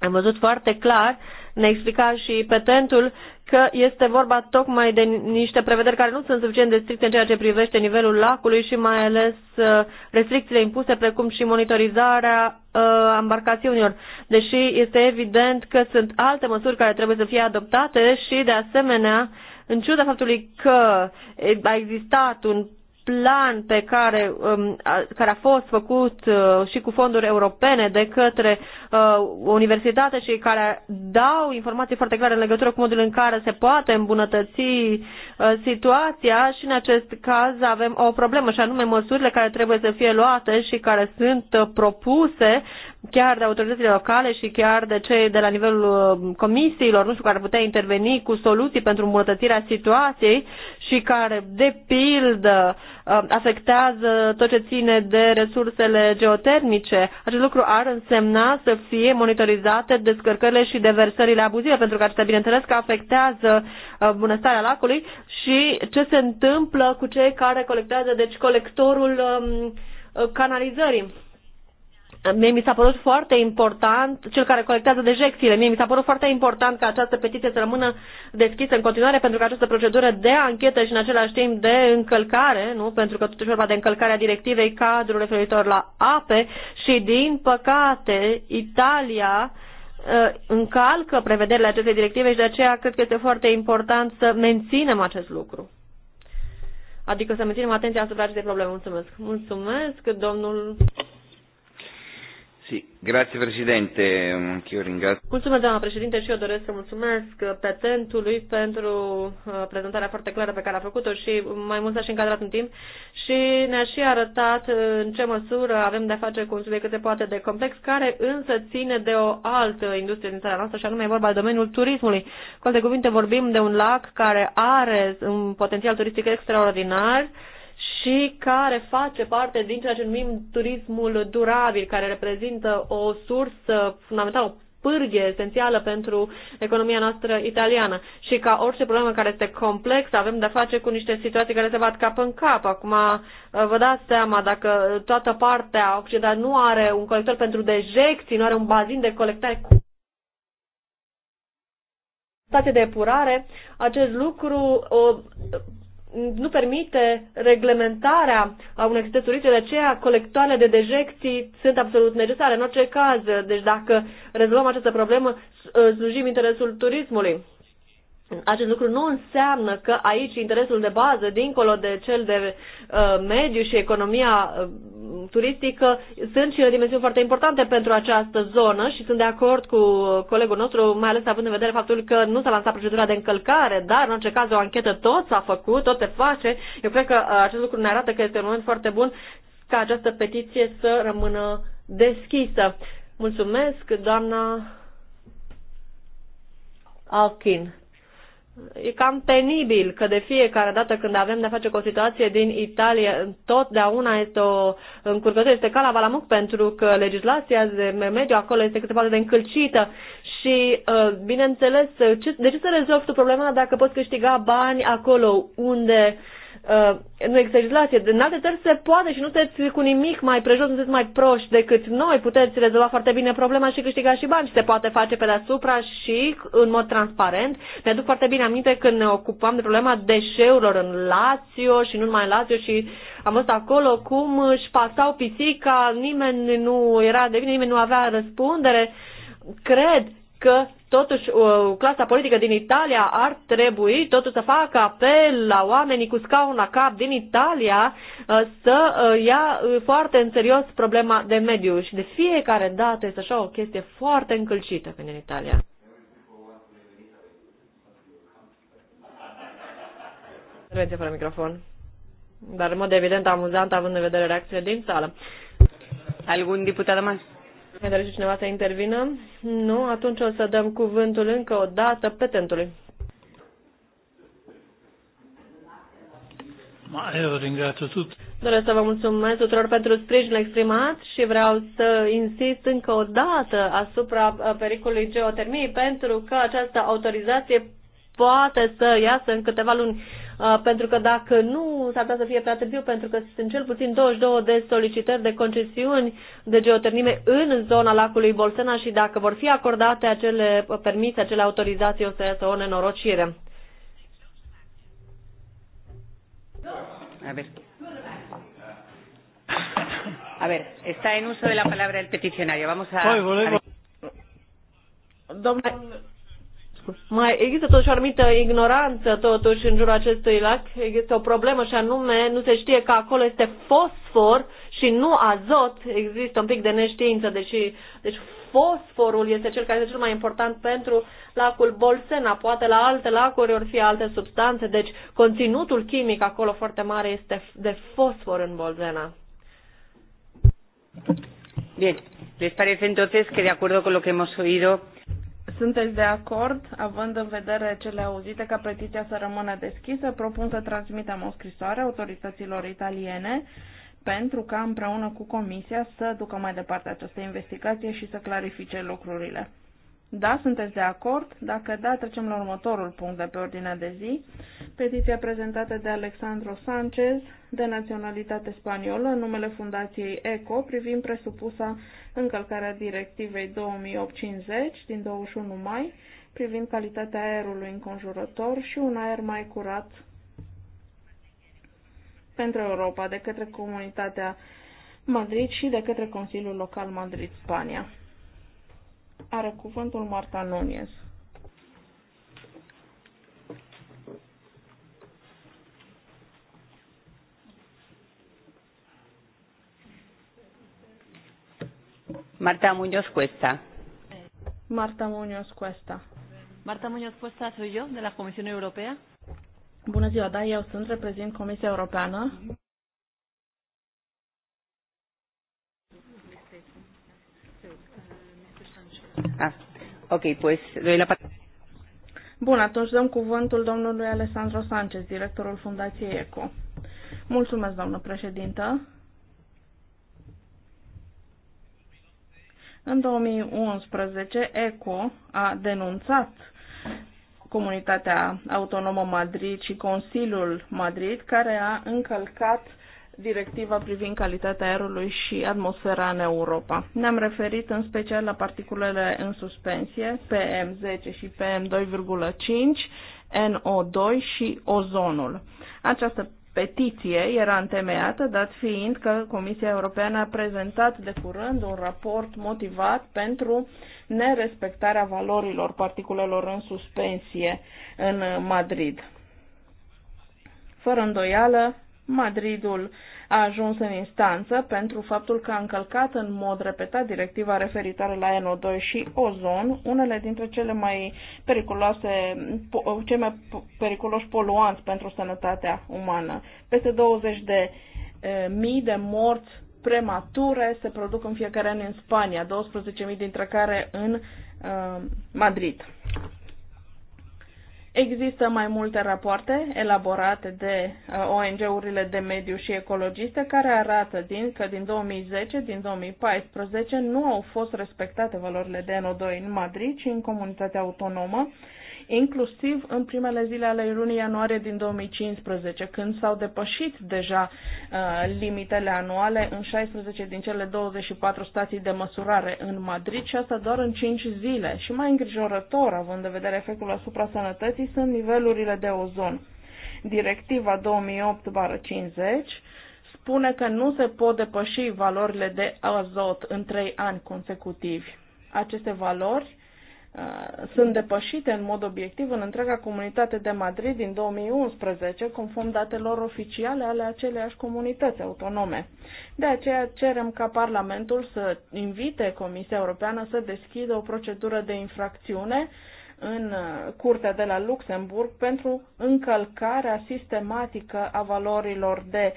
am văzut foarte clar, ne explica și petentul, că este vorba tocmai de niște prevederi care nu sunt suficient de stricte în ceea ce privește nivelul lacului și mai ales uh, restricțiile impuse, precum și monitorizarea uh, embarcațiunilor. Deși este evident că sunt alte măsuri care trebuie să fie adoptate și, de asemenea, în ciuda faptului că eh, a existat un plan pe care, um, care a fost făcut uh, și cu fonduri europene de către uh, universitate și care dau informații foarte clare în legătură cu modul în care se poate îmbunătăți uh, situația și în acest caz avem o problemă și anume măsurile care trebuie să fie luate și care sunt propuse chiar de autoritățile locale și chiar de cei de la nivelul uh, comisiilor, nu știu, care ar putea interveni cu soluții pentru îmbunătățirea situației și care, de pildă, uh, afectează tot ce ține de resursele geotermice. Acest lucru ar însemna să fie monitorizate descărcările și deversările abuzive, pentru că acestea, bineînțeles, că afectează uh, bunăstarea lacului și ce se întâmplă cu cei care colectează, deci colectorul um, canalizării Mie mi s-a părut foarte important, cel care colectează dejecțiile, mie mi s-a părut foarte important ca această petiție să rămână deschisă în continuare pentru că această procedură de anchetă și în același timp de încălcare, nu? pentru că totuși vorba de încălcarea directivei cadrul referitor la ape și din păcate Italia uh, încalcă prevederile acestei directive și de aceea cred că este foarte important să menținem acest lucru. Adică să menținem atenția asupra acestei probleme. Mulțumesc. Mulțumesc, domnul Sì, grazie Presidente, anch'io ringrazio. Mulțumesc, doamna președinte, și eu doresc să mulțumesc petentului pentru uh, prezentarea foarte clară pe care a făcut-o și mai mult s-a și încadrat în timp și ne-a și arătat în ce măsură avem de-a face cu un subiect cât se poate de complex, care însă ține de o altă industrie din țara noastră și anume e vorba de domeniul turismului. Cu alte cuvinte, vorbim de un lac care are un potențial turistic extraordinar, și care face parte din ceea ce numim turismul durabil, care reprezintă o sursă fundamentală, o pârghie esențială pentru economia noastră italiană. Și ca orice problemă care este complexă, avem de-a face cu niște situații care se bat cap în cap. Acum uh, vă dați seama dacă toată partea occidentală nu are un colector pentru dejecții, nu are un bazin de colectare cu stație de epurare, acest lucru o, nu permite reglementarea a unei turistice, de aceea colectoarele de dejecții sunt absolut necesare în orice caz. Deci dacă rezolvăm această problemă, ă, slujim interesul turismului. Acest lucru nu înseamnă că aici interesul de bază, dincolo de cel de uh, mediu și economia uh, turistică, sunt și o dimensiune foarte importante pentru această zonă și sunt de acord cu colegul nostru, mai ales având în vedere faptul că nu s-a lansat procedura de încălcare, dar în orice caz o anchetă tot s-a făcut, tot se face. Eu cred că uh, acest lucru ne arată că este un moment foarte bun ca această petiție să rămână deschisă. Mulțumesc, doamna Alkin. E cam penibil că de fiecare dată când avem de-a face cu o situație din Italia, totdeauna este o încurcătură, este ca la Valamuc, pentru că legislația de mediu acolo este cât se poate de încălcită și, uh, bineînțeles, de ce să rezolvi tu problema dacă poți câștiga bani acolo unde uh, Uh, nu există legislație. În alte țări se poate și nu sunteți cu nimic mai prejos, nu sunteți mai proști decât noi. Puteți rezolva foarte bine problema și câștiga și bani. Și se poate face pe deasupra și în mod transparent. Mi-aduc foarte bine aminte când ne ocupam de problema deșeurilor în Lazio și nu numai în Lazio și am văzut acolo cum își pasau pisica, nimeni nu era de bine, nimeni nu avea răspundere. Cred că Totuși, uh, clasa politică din Italia ar trebui totuși să facă apel la oamenii cu scaun la cap din Italia uh, să uh, ia foarte în serios problema de mediu și de fiecare dată este așa o chestie foarte încălcită când în Italia. Intervenție fără microfon. Dar, în mod evident, amuzant, având în vedere reacția din sală. Algun deputat mai? Mai dorește cineva să intervină? Nu? Atunci o să dăm cuvântul încă o dată petentului. Eh, Doresc să vă mulțumesc tuturor pentru sprijinul exprimat și vreau să insist încă o dată asupra uh, pericolului geotermiei pentru că această autorizație poate să iasă în câteva luni Uh, pentru că dacă nu, s-ar putea să fie prea târziu, pentru că sunt cel puțin 22 de solicitări de concesiuni de geotermie în zona lacului Bolsena și dacă vor fi acordate acele permise, acele autorizații, o să iasă o nenorocire. A ver. A ver, está en uso de la palabra el peticionario. Vamos a... Voy, voy, voy. Domnul, mai există totuși o anumită ignoranță totuși în jurul acestui lac. Există o problemă și anume nu se știe că acolo este fosfor și nu azot. Există un pic de neștiință, deși deci fosforul este cel care este cel mai important pentru lacul Bolsena. Poate la alte lacuri ori fi alte substanțe, deci conținutul chimic acolo foarte mare este de fosfor în Bolsena. Bien, ¿les parece entonces que de acuerdo con lo que hemos oído sunteți de acord, având în vedere cele auzite, ca petiția să rămână deschisă? Propun să transmitem o scrisoare autorităților italiene pentru ca împreună cu Comisia să ducă mai departe această investigație și să clarifice lucrurile. Da, sunteți de acord? Dacă da, trecem la următorul punct de pe ordinea de zi. Petiția prezentată de Alexandro Sanchez, de naționalitate spaniolă, în numele Fundației ECO, privind presupusa încălcarea directivei 2850 din 21 mai, privind calitatea aerului înconjurător și un aer mai curat pentru Europa de către comunitatea Madrid și de către Consiliul Local Madrid-Spania. Are cuvântul Marta Nonies. Marta Muñoz Cuesta. Marta Muñoz Cuesta. Marta Muñoz Cuesta soy yo, de la Comisión Europea. Bună ziua, da, eu sunt, reprezint Comisia Europeană. Ah, ok, pues doy la Bun, atunci dăm cuvântul domnului Alessandro Sanchez, directorul Fundației ECO. Mulțumesc, doamnă președintă. În 2011, ECO a denunțat Comunitatea Autonomă Madrid și Consiliul Madrid, care a încălcat directiva privind calitatea aerului și atmosfera în Europa. Ne-am referit în special la particulele în suspensie, PM10 și PM2,5, NO2 și ozonul. Această petiție era întemeiată, dat fiind că Comisia Europeană a prezentat de curând un raport motivat pentru nerespectarea valorilor particulelor în suspensie în Madrid. Fără îndoială, Madridul a ajuns în instanță pentru faptul că a încălcat în mod repetat directiva referitoare la NO2 și ozon, unele dintre cele mai periculoase, cei mai periculoși poluanți pentru sănătatea umană. Peste 20 de mii de morți premature se produc în fiecare an în Spania, 12.000 dintre care în uh, Madrid. Există mai multe rapoarte elaborate de uh, ONG-urile de mediu și ecologiste care arată din, că din 2010, din 2014 nu au fost respectate valorile de NO2 în Madrid și în comunitatea autonomă inclusiv în primele zile ale lunii ianuarie din 2015, când s-au depășit deja uh, limitele anuale în 16 din cele 24 stații de măsurare în Madrid și asta doar în 5 zile. Și mai îngrijorător, având în vedere efectul asupra sănătății, sunt nivelurile de ozon. Directiva 2008-50 spune că nu se pot depăși valorile de azot în trei ani consecutivi. Aceste valori Uh, sunt depășite în mod obiectiv în întreaga comunitate de Madrid din 2011, conform datelor oficiale ale aceleiași comunități autonome. De aceea cerem ca Parlamentul să invite Comisia Europeană să deschidă o procedură de infracțiune în uh, Curtea de la Luxemburg pentru încălcarea sistematică a valorilor de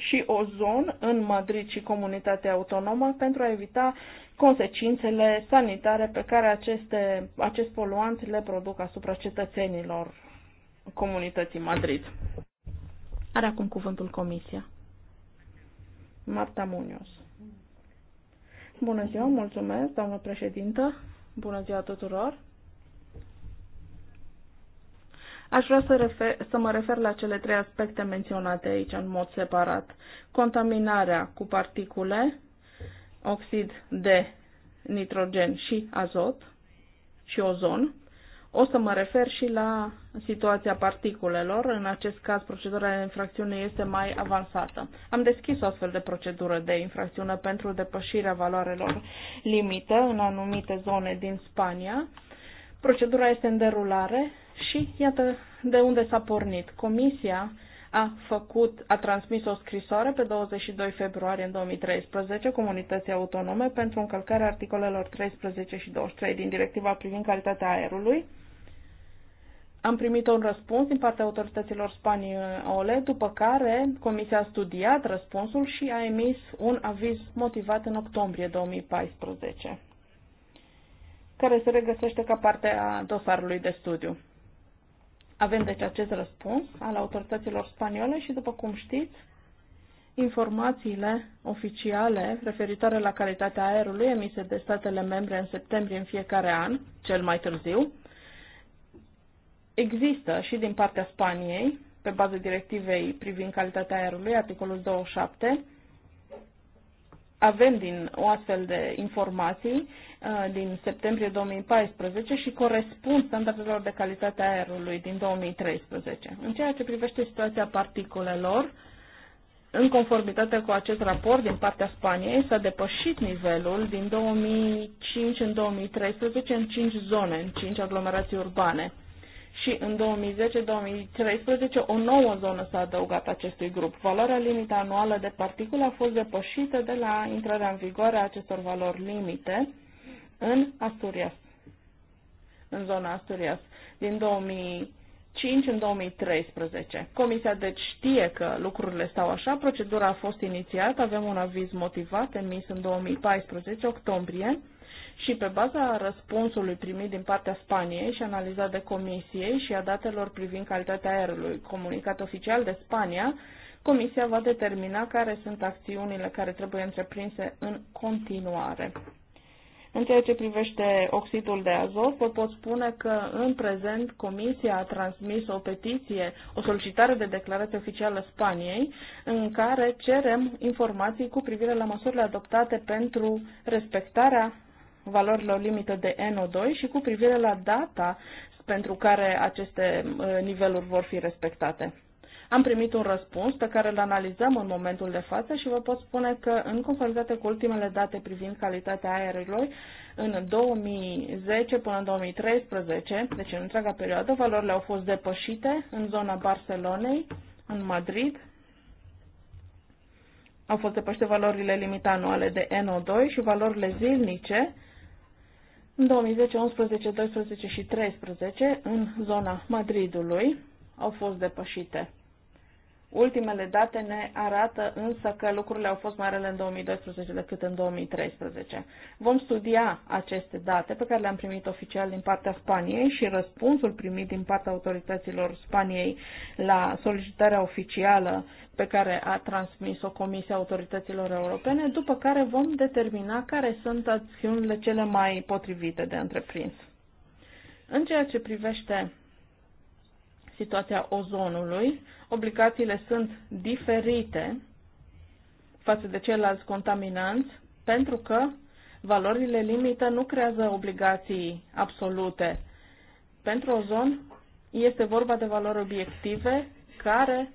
și o zonă în Madrid și comunitatea autonomă pentru a evita consecințele sanitare pe care aceste, acest poluant le produc asupra cetățenilor comunității Madrid. Are acum cuvântul Comisia. Marta Munoz. Bună ziua, mulțumesc, doamnă președintă. Bună ziua tuturor. Aș vrea să, refer, să mă refer la cele trei aspecte menționate aici în mod separat. Contaminarea cu particule, oxid de nitrogen și azot și ozon. O să mă refer și la situația particulelor. În acest caz, procedura de infracțiune este mai avansată. Am deschis o astfel de procedură de infracțiune pentru depășirea valoarelor limită în anumite zone din Spania. Procedura este în derulare și iată de unde s-a pornit. Comisia a făcut, a transmis o scrisoare pe 22 februarie în 2013 comunității autonome pentru încălcarea articolelor 13 și 23 din directiva privind calitatea aerului. Am primit un răspuns din partea autorităților spaniole, după care Comisia a studiat răspunsul și a emis un aviz motivat în octombrie 2014, care se regăsește ca parte a dosarului de studiu. Avem deci acest răspuns al autorităților spaniole și, după cum știți, informațiile oficiale referitoare la calitatea aerului emise de statele membre în septembrie în fiecare an, cel mai târziu, există și din partea Spaniei, pe bază directivei privind calitatea aerului, articolul 27, avem din o astfel de informații uh, din septembrie 2014 și corespund standardelor de calitate a aerului din 2013. În ceea ce privește situația particulelor, în conformitate cu acest raport din partea Spaniei, s-a depășit nivelul din 2005 în 2013 în 5 zone, în 5 aglomerații urbane și în 2010-2013 o nouă zonă s-a adăugat acestui grup. Valoarea limită anuală de particule a fost depășită de la intrarea în vigoare a acestor valori limite în Asturias, în zona Asturias, din 2005 în 2013. Comisia deci știe că lucrurile stau așa, procedura a fost inițiată, avem un aviz motivat emis în 2014, octombrie, și pe baza răspunsului primit din partea Spaniei și analizat de comisie și a datelor privind calitatea aerului comunicat oficial de Spania, comisia va determina care sunt acțiunile care trebuie întreprinse în continuare. În ceea ce privește oxidul de azot, vă pot spune că în prezent Comisia a transmis o petiție, o solicitare de declarație oficială Spaniei, în care cerem informații cu privire la măsurile adoptate pentru respectarea valorilor limită de NO2 și cu privire la data pentru care aceste uh, niveluri vor fi respectate. Am primit un răspuns pe care îl analizăm în momentul de față și vă pot spune că, în conformitate cu ultimele date privind calitatea aerului, în 2010 până în 2013, deci în întreaga perioadă, valorile au fost depășite în zona Barcelonei, în Madrid, au fost depășite valorile limita anuale de NO2 și valorile zilnice în 2010, 11, 12 și 13, în zona Madridului, au fost depășite Ultimele date ne arată însă că lucrurile au fost mai rele în 2012 decât în 2013. Vom studia aceste date pe care le-am primit oficial din partea Spaniei și răspunsul primit din partea autorităților Spaniei la solicitarea oficială pe care a transmis-o Comisia Autorităților Europene, după care vom determina care sunt acțiunile cele mai potrivite de întreprins. În ceea ce privește situația ozonului. Obligațiile sunt diferite față de ceilalți contaminanți pentru că valorile limită nu creează obligații absolute. Pentru ozon este vorba de valori obiective care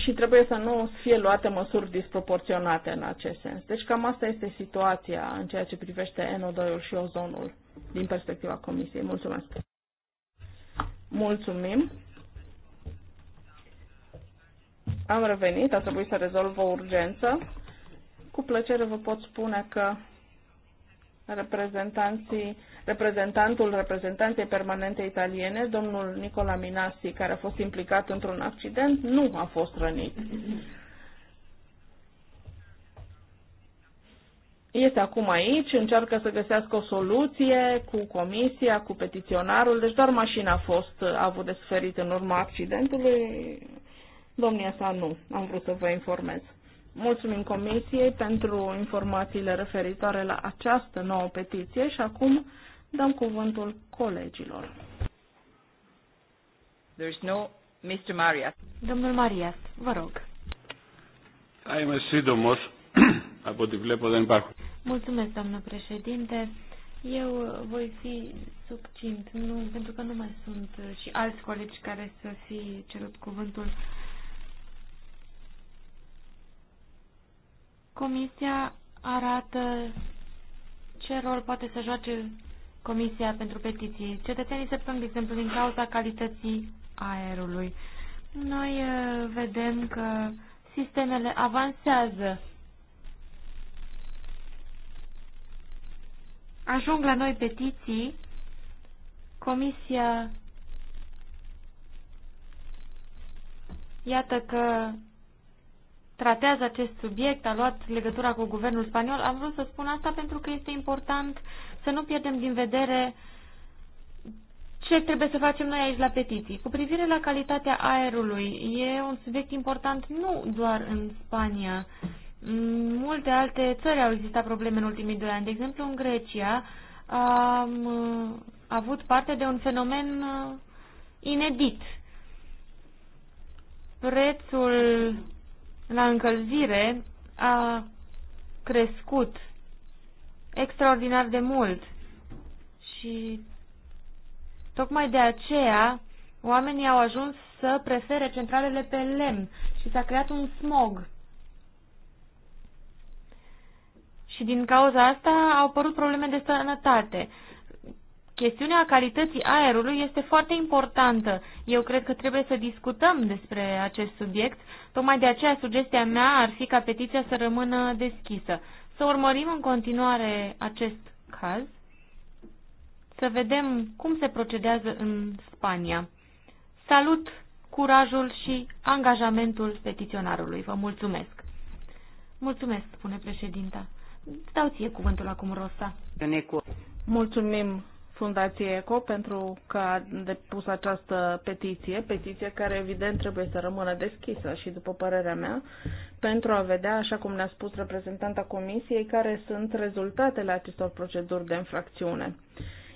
și trebuie să nu fie luate măsuri disproporționate în acest sens. Deci cam asta este situația în ceea ce privește NO2-ul și ozonul din perspectiva Comisiei. Mulțumesc! Mulțumim! Am revenit, a trebuit să rezolv o urgență. Cu plăcere vă pot spune că reprezentanții reprezentantul reprezentanței permanente italiene, domnul Nicola Minassi, care a fost implicat într-un accident, nu a fost rănit. Este acum aici, încearcă să găsească o soluție cu comisia, cu petiționarul, deci doar mașina a fost a avut de suferit în urma accidentului. Domnia sa nu, am vrut să vă informez. Mulțumim Comisiei pentru informațiile referitoare la această nouă petiție și acum dăm cuvântul colegilor. There's no Mr. Marias. Domnul Marias, vă rog. Είμαι σύντομο. Από ό,τι βλέπω δεν υπάρχουν. Mulțumesc, doamnă președinte. Eu voi fi succint, nu, pentru că nu mai sunt și alți colegi care să fi cerut cuvântul. Comisia arată ce rol poate să joace Comisia pentru Petiții. Cetățenii se plâng, de exemplu, din cauza calității aerului. Noi uh, vedem că sistemele avansează. Ajung la noi petiții. Comisia iată că tratează acest subiect, a luat legătura cu guvernul spaniol. Am vrut să spun asta pentru că este important uh, să nu pierdem din vedere ce trebuie să facem noi aici la petiții. Cu privire la calitatea aerului, e un subiect important nu doar în Spania. În multe alte țări au existat probleme în ultimii doi ani. De exemplu, în Grecia am uh, avut parte de un fenomen uh, inedit. Prețul la încălzire a crescut extraordinar de mult și tocmai de aceea oamenii au ajuns să prefere centralele pe lemn și s-a creat un smog. Și din cauza asta au apărut probleme de sănătate. Chestiunea calității aerului este foarte importantă. Eu cred că trebuie să discutăm despre acest subiect. Tocmai de aceea sugestia mea ar fi ca petiția să rămână deschisă să urmărim în continuare acest caz, să vedem cum se procedează în Spania. Salut curajul și angajamentul petiționarului. Vă mulțumesc. Mulțumesc, spune președinta. Dau ție cuvântul acum, Rosa. Mulțumim Fundației ECO pentru că a depus această petiție, petiție care evident trebuie să rămână deschisă și după părerea mea, pentru a vedea, așa cum ne-a spus reprezentanta Comisiei, care sunt rezultatele acestor proceduri de infracțiune.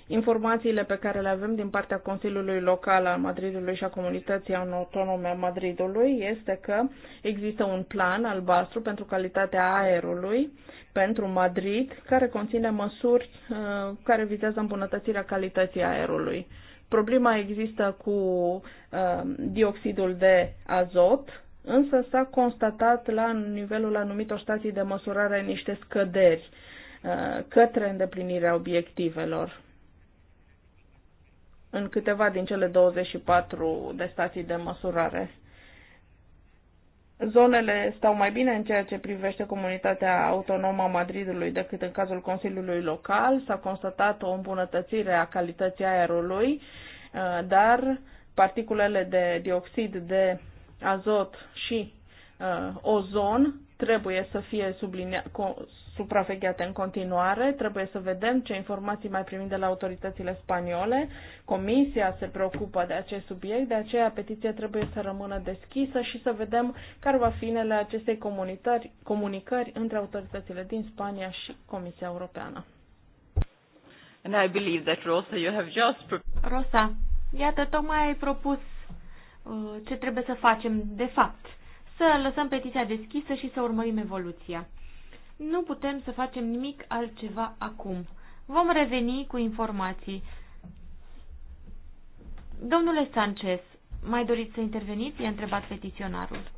Informațiile pe care le avem din partea Consiliului Local al Madridului și a Comunității Autonome a Madridului este că există un plan albastru pentru calitatea aerului pentru Madrid care conține măsuri uh, care vizează îmbunătățirea calității aerului. Problema există cu uh, dioxidul de azot, însă s-a constatat la nivelul anumitor stații de măsurare niște scăderi uh, către îndeplinirea obiectivelor în câteva din cele 24 de stații de măsurare. Zonele stau mai bine în ceea ce privește comunitatea autonomă a Madridului decât în cazul Consiliului Local. S-a constatat o îmbunătățire a calității aerului, uh, dar particulele de dioxid de azot și uh, ozon trebuie să fie sublinia- supravegheate în continuare. Trebuie să vedem ce informații mai primim de la autoritățile spaniole. Comisia se preocupă de acest subiect, de aceea petiția trebuie să rămână deschisă și să vedem care va fi finele acestei comunicări între autoritățile din Spania și Comisia Europeană. And I believe that Rosa, you have just Rosa, iată, tocmai ai propus uh, ce trebuie să facem de fapt. Să lăsăm petiția deschisă și să urmărim evoluția nu putem să facem nimic altceva acum. Vom reveni cu informații. Domnule Sanchez, mai doriți să interveniți? I-a întrebat petiționarul.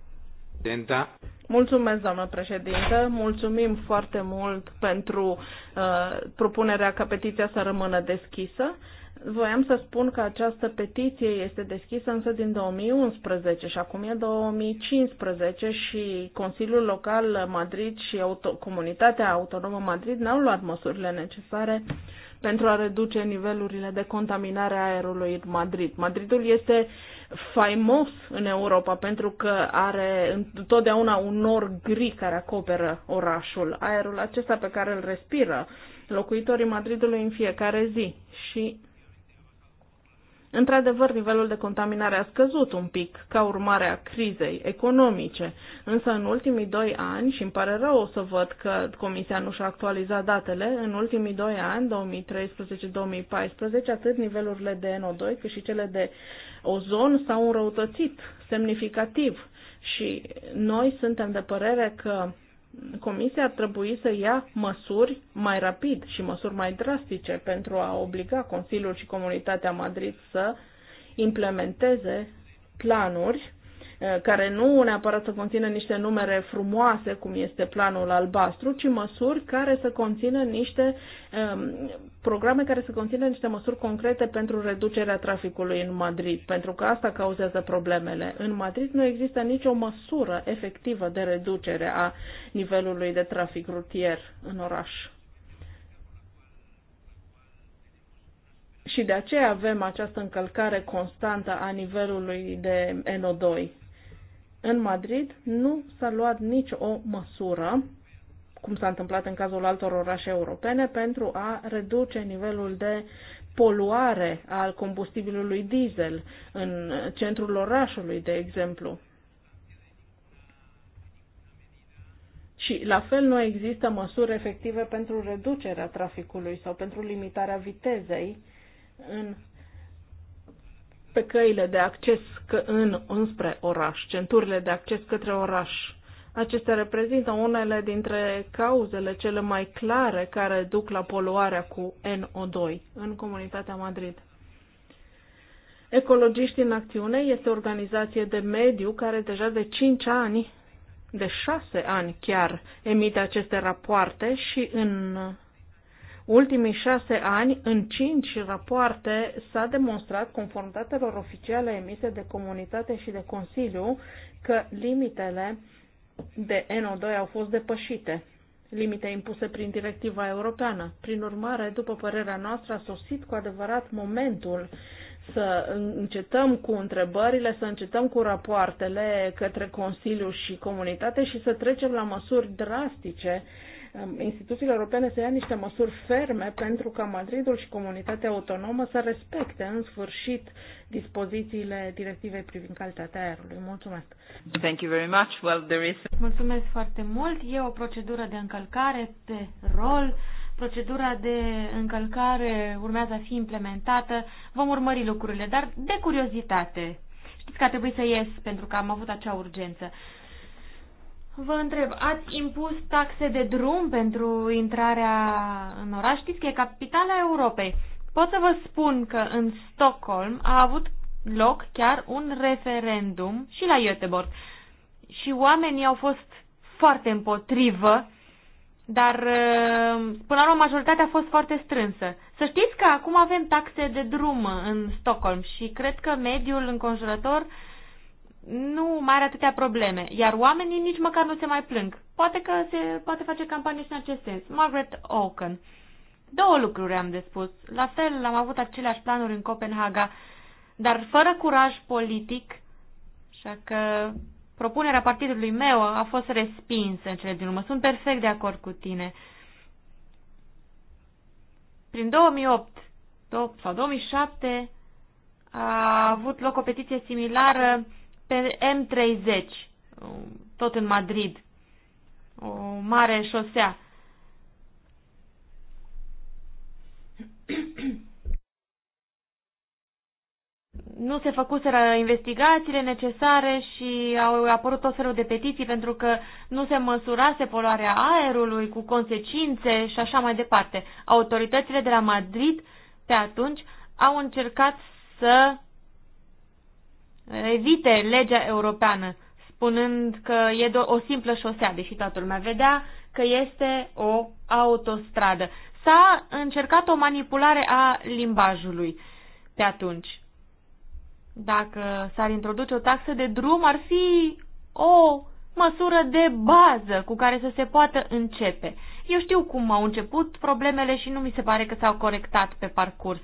Denta. Mulțumesc, doamnă președintă. Mulțumim foarte mult pentru uh, propunerea ca petiția să rămână deschisă Voiam să spun că această petiție este deschisă însă din 2011 și acum e 2015 și Consiliul Local Madrid și auto- Comunitatea Autonomă Madrid n-au luat măsurile necesare pentru a reduce nivelurile de contaminare a aerului în Madrid. Madridul este faimos în Europa pentru că are întotdeauna un nor gri care acoperă orașul, aerul acesta pe care îl respiră locuitorii Madridului în fiecare zi și Într-adevăr, nivelul de contaminare a scăzut un pic ca urmare a crizei economice, însă în ultimii doi ani, și îmi pare rău o să văd că Comisia nu și-a actualizat datele, în ultimii doi ani, 2013-2014, atât nivelurile de NO2 cât și cele de ozon s-au înrăutățit semnificativ și noi suntem de părere că Comisia ar trebui să ia măsuri mai rapid și măsuri mai drastice pentru a obliga Consiliul și Comunitatea Madrid să implementeze planuri Eh, care nu neapărat să conțină niște numere frumoase, cum este planul albastru, ci măsuri care să conțină niște ehm, programe care să conțină niște măsuri concrete pentru reducerea traficului în Madrid, pentru că asta cauzează problemele. În Madrid nu există nicio măsură efectivă de reducere a nivelului de trafic rutier în oraș. și de aceea avem această încălcare constantă a nivelului de NO2 în Madrid nu s-a luat nici o măsură, cum s-a întâmplat în cazul altor orașe europene, pentru a reduce nivelul de poluare al combustibilului diesel în centrul orașului, de exemplu. Și la fel nu există măsuri efective pentru reducerea traficului sau pentru limitarea vitezei în pe căile de acces că în, înspre oraș, centurile de acces către oraș. Acestea reprezintă unele dintre cauzele cele mai clare care duc la poluarea cu NO2 în comunitatea Madrid. Ecologiști în Acțiune este o organizație de mediu care deja de 5 ani, de 6 ani chiar, emite aceste rapoarte și în ultimii șase ani, în cinci rapoarte, s-a demonstrat, conform datelor oficiale emise de comunitate și de Consiliu, că limitele de NO2 au fost depășite, limite impuse prin directiva europeană. Prin urmare, după părerea noastră, a sosit cu adevărat momentul să încetăm cu întrebările, să încetăm cu rapoartele către Consiliu și comunitate și să trecem la măsuri drastice instituțiile europene să ia niște măsuri ferme pentru ca Madridul și comunitatea autonomă să respecte în sfârșit dispozițiile directivei privind calitatea aerului. Mulțumesc. Thank you very much. Well, there is... Mulțumesc foarte mult. E o procedură de încălcare pe rol. Procedura de încălcare urmează a fi implementată. Vom urmări lucrurile, dar de curiozitate. Știți că a trebuit să ies pentru că am avut acea urgență vă întreb, ați impus taxe de drum pentru intrarea în oraș? Știți că e capitala Europei. Pot să vă spun că în Stockholm a avut loc chiar un referendum și la Göteborg. Și oamenii au fost foarte împotrivă, dar uh, până la urmă majoritatea a fost foarte strânsă. Să știți că acum avem taxe de drum în Stockholm și cred că mediul înconjurător uh, nu mai are atâtea probleme, iar oamenii nici măcar nu se mai plâng. Poate că se poate face campanie și în acest sens. Margaret Oaken. Două lucruri am de spus. La fel, am avut aceleași planuri în Copenhaga, dar fără curaj politic, așa că propunerea partidului meu a fost respinsă în cele din urmă. Sunt perfect de acord cu tine. Prin 2008 sau 2007 a avut loc o petiție similară pe M30, tot în Madrid, o mare șosea. nu se făcuseră investigațiile necesare și au apărut tot felul de petiții pentru că nu se măsurase poluarea aerului cu consecințe și așa mai departe. Autoritățile de la Madrid pe atunci au încercat să evite legea europeană, spunând că e o simplă șosea, deși toată lumea vedea că este o autostradă. S-a încercat o manipulare a limbajului pe atunci. Dacă s-ar introduce o taxă de drum, ar fi o măsură de bază cu care să se poată începe. Eu știu cum au început problemele și nu mi se pare că s-au corectat pe parcurs.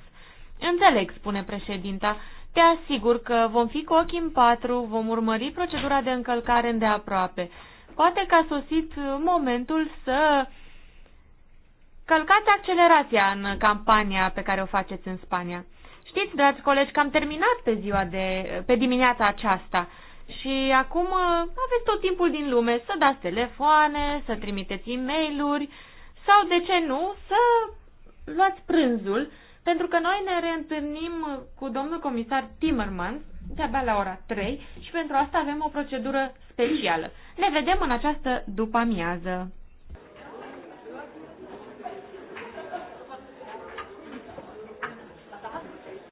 Înțeleg, spune președinta, te asigur că vom fi cu ochii în patru, vom urmări procedura de încălcare îndeaproape. Poate că a sosit momentul să călcați accelerația în campania pe care o faceți în Spania. Știți, dragi colegi, că am terminat pe ziua de, pe dimineața aceasta și acum uh, aveți tot timpul din lume să dați telefoane, să trimiteți e-mail-uri sau, de ce nu, să luați prânzul pentru că noi ne reîntâlnim cu domnul comisar Timmermans de-abia la ora 3 și pentru asta avem o procedură specială. Ne vedem în această după-amiază.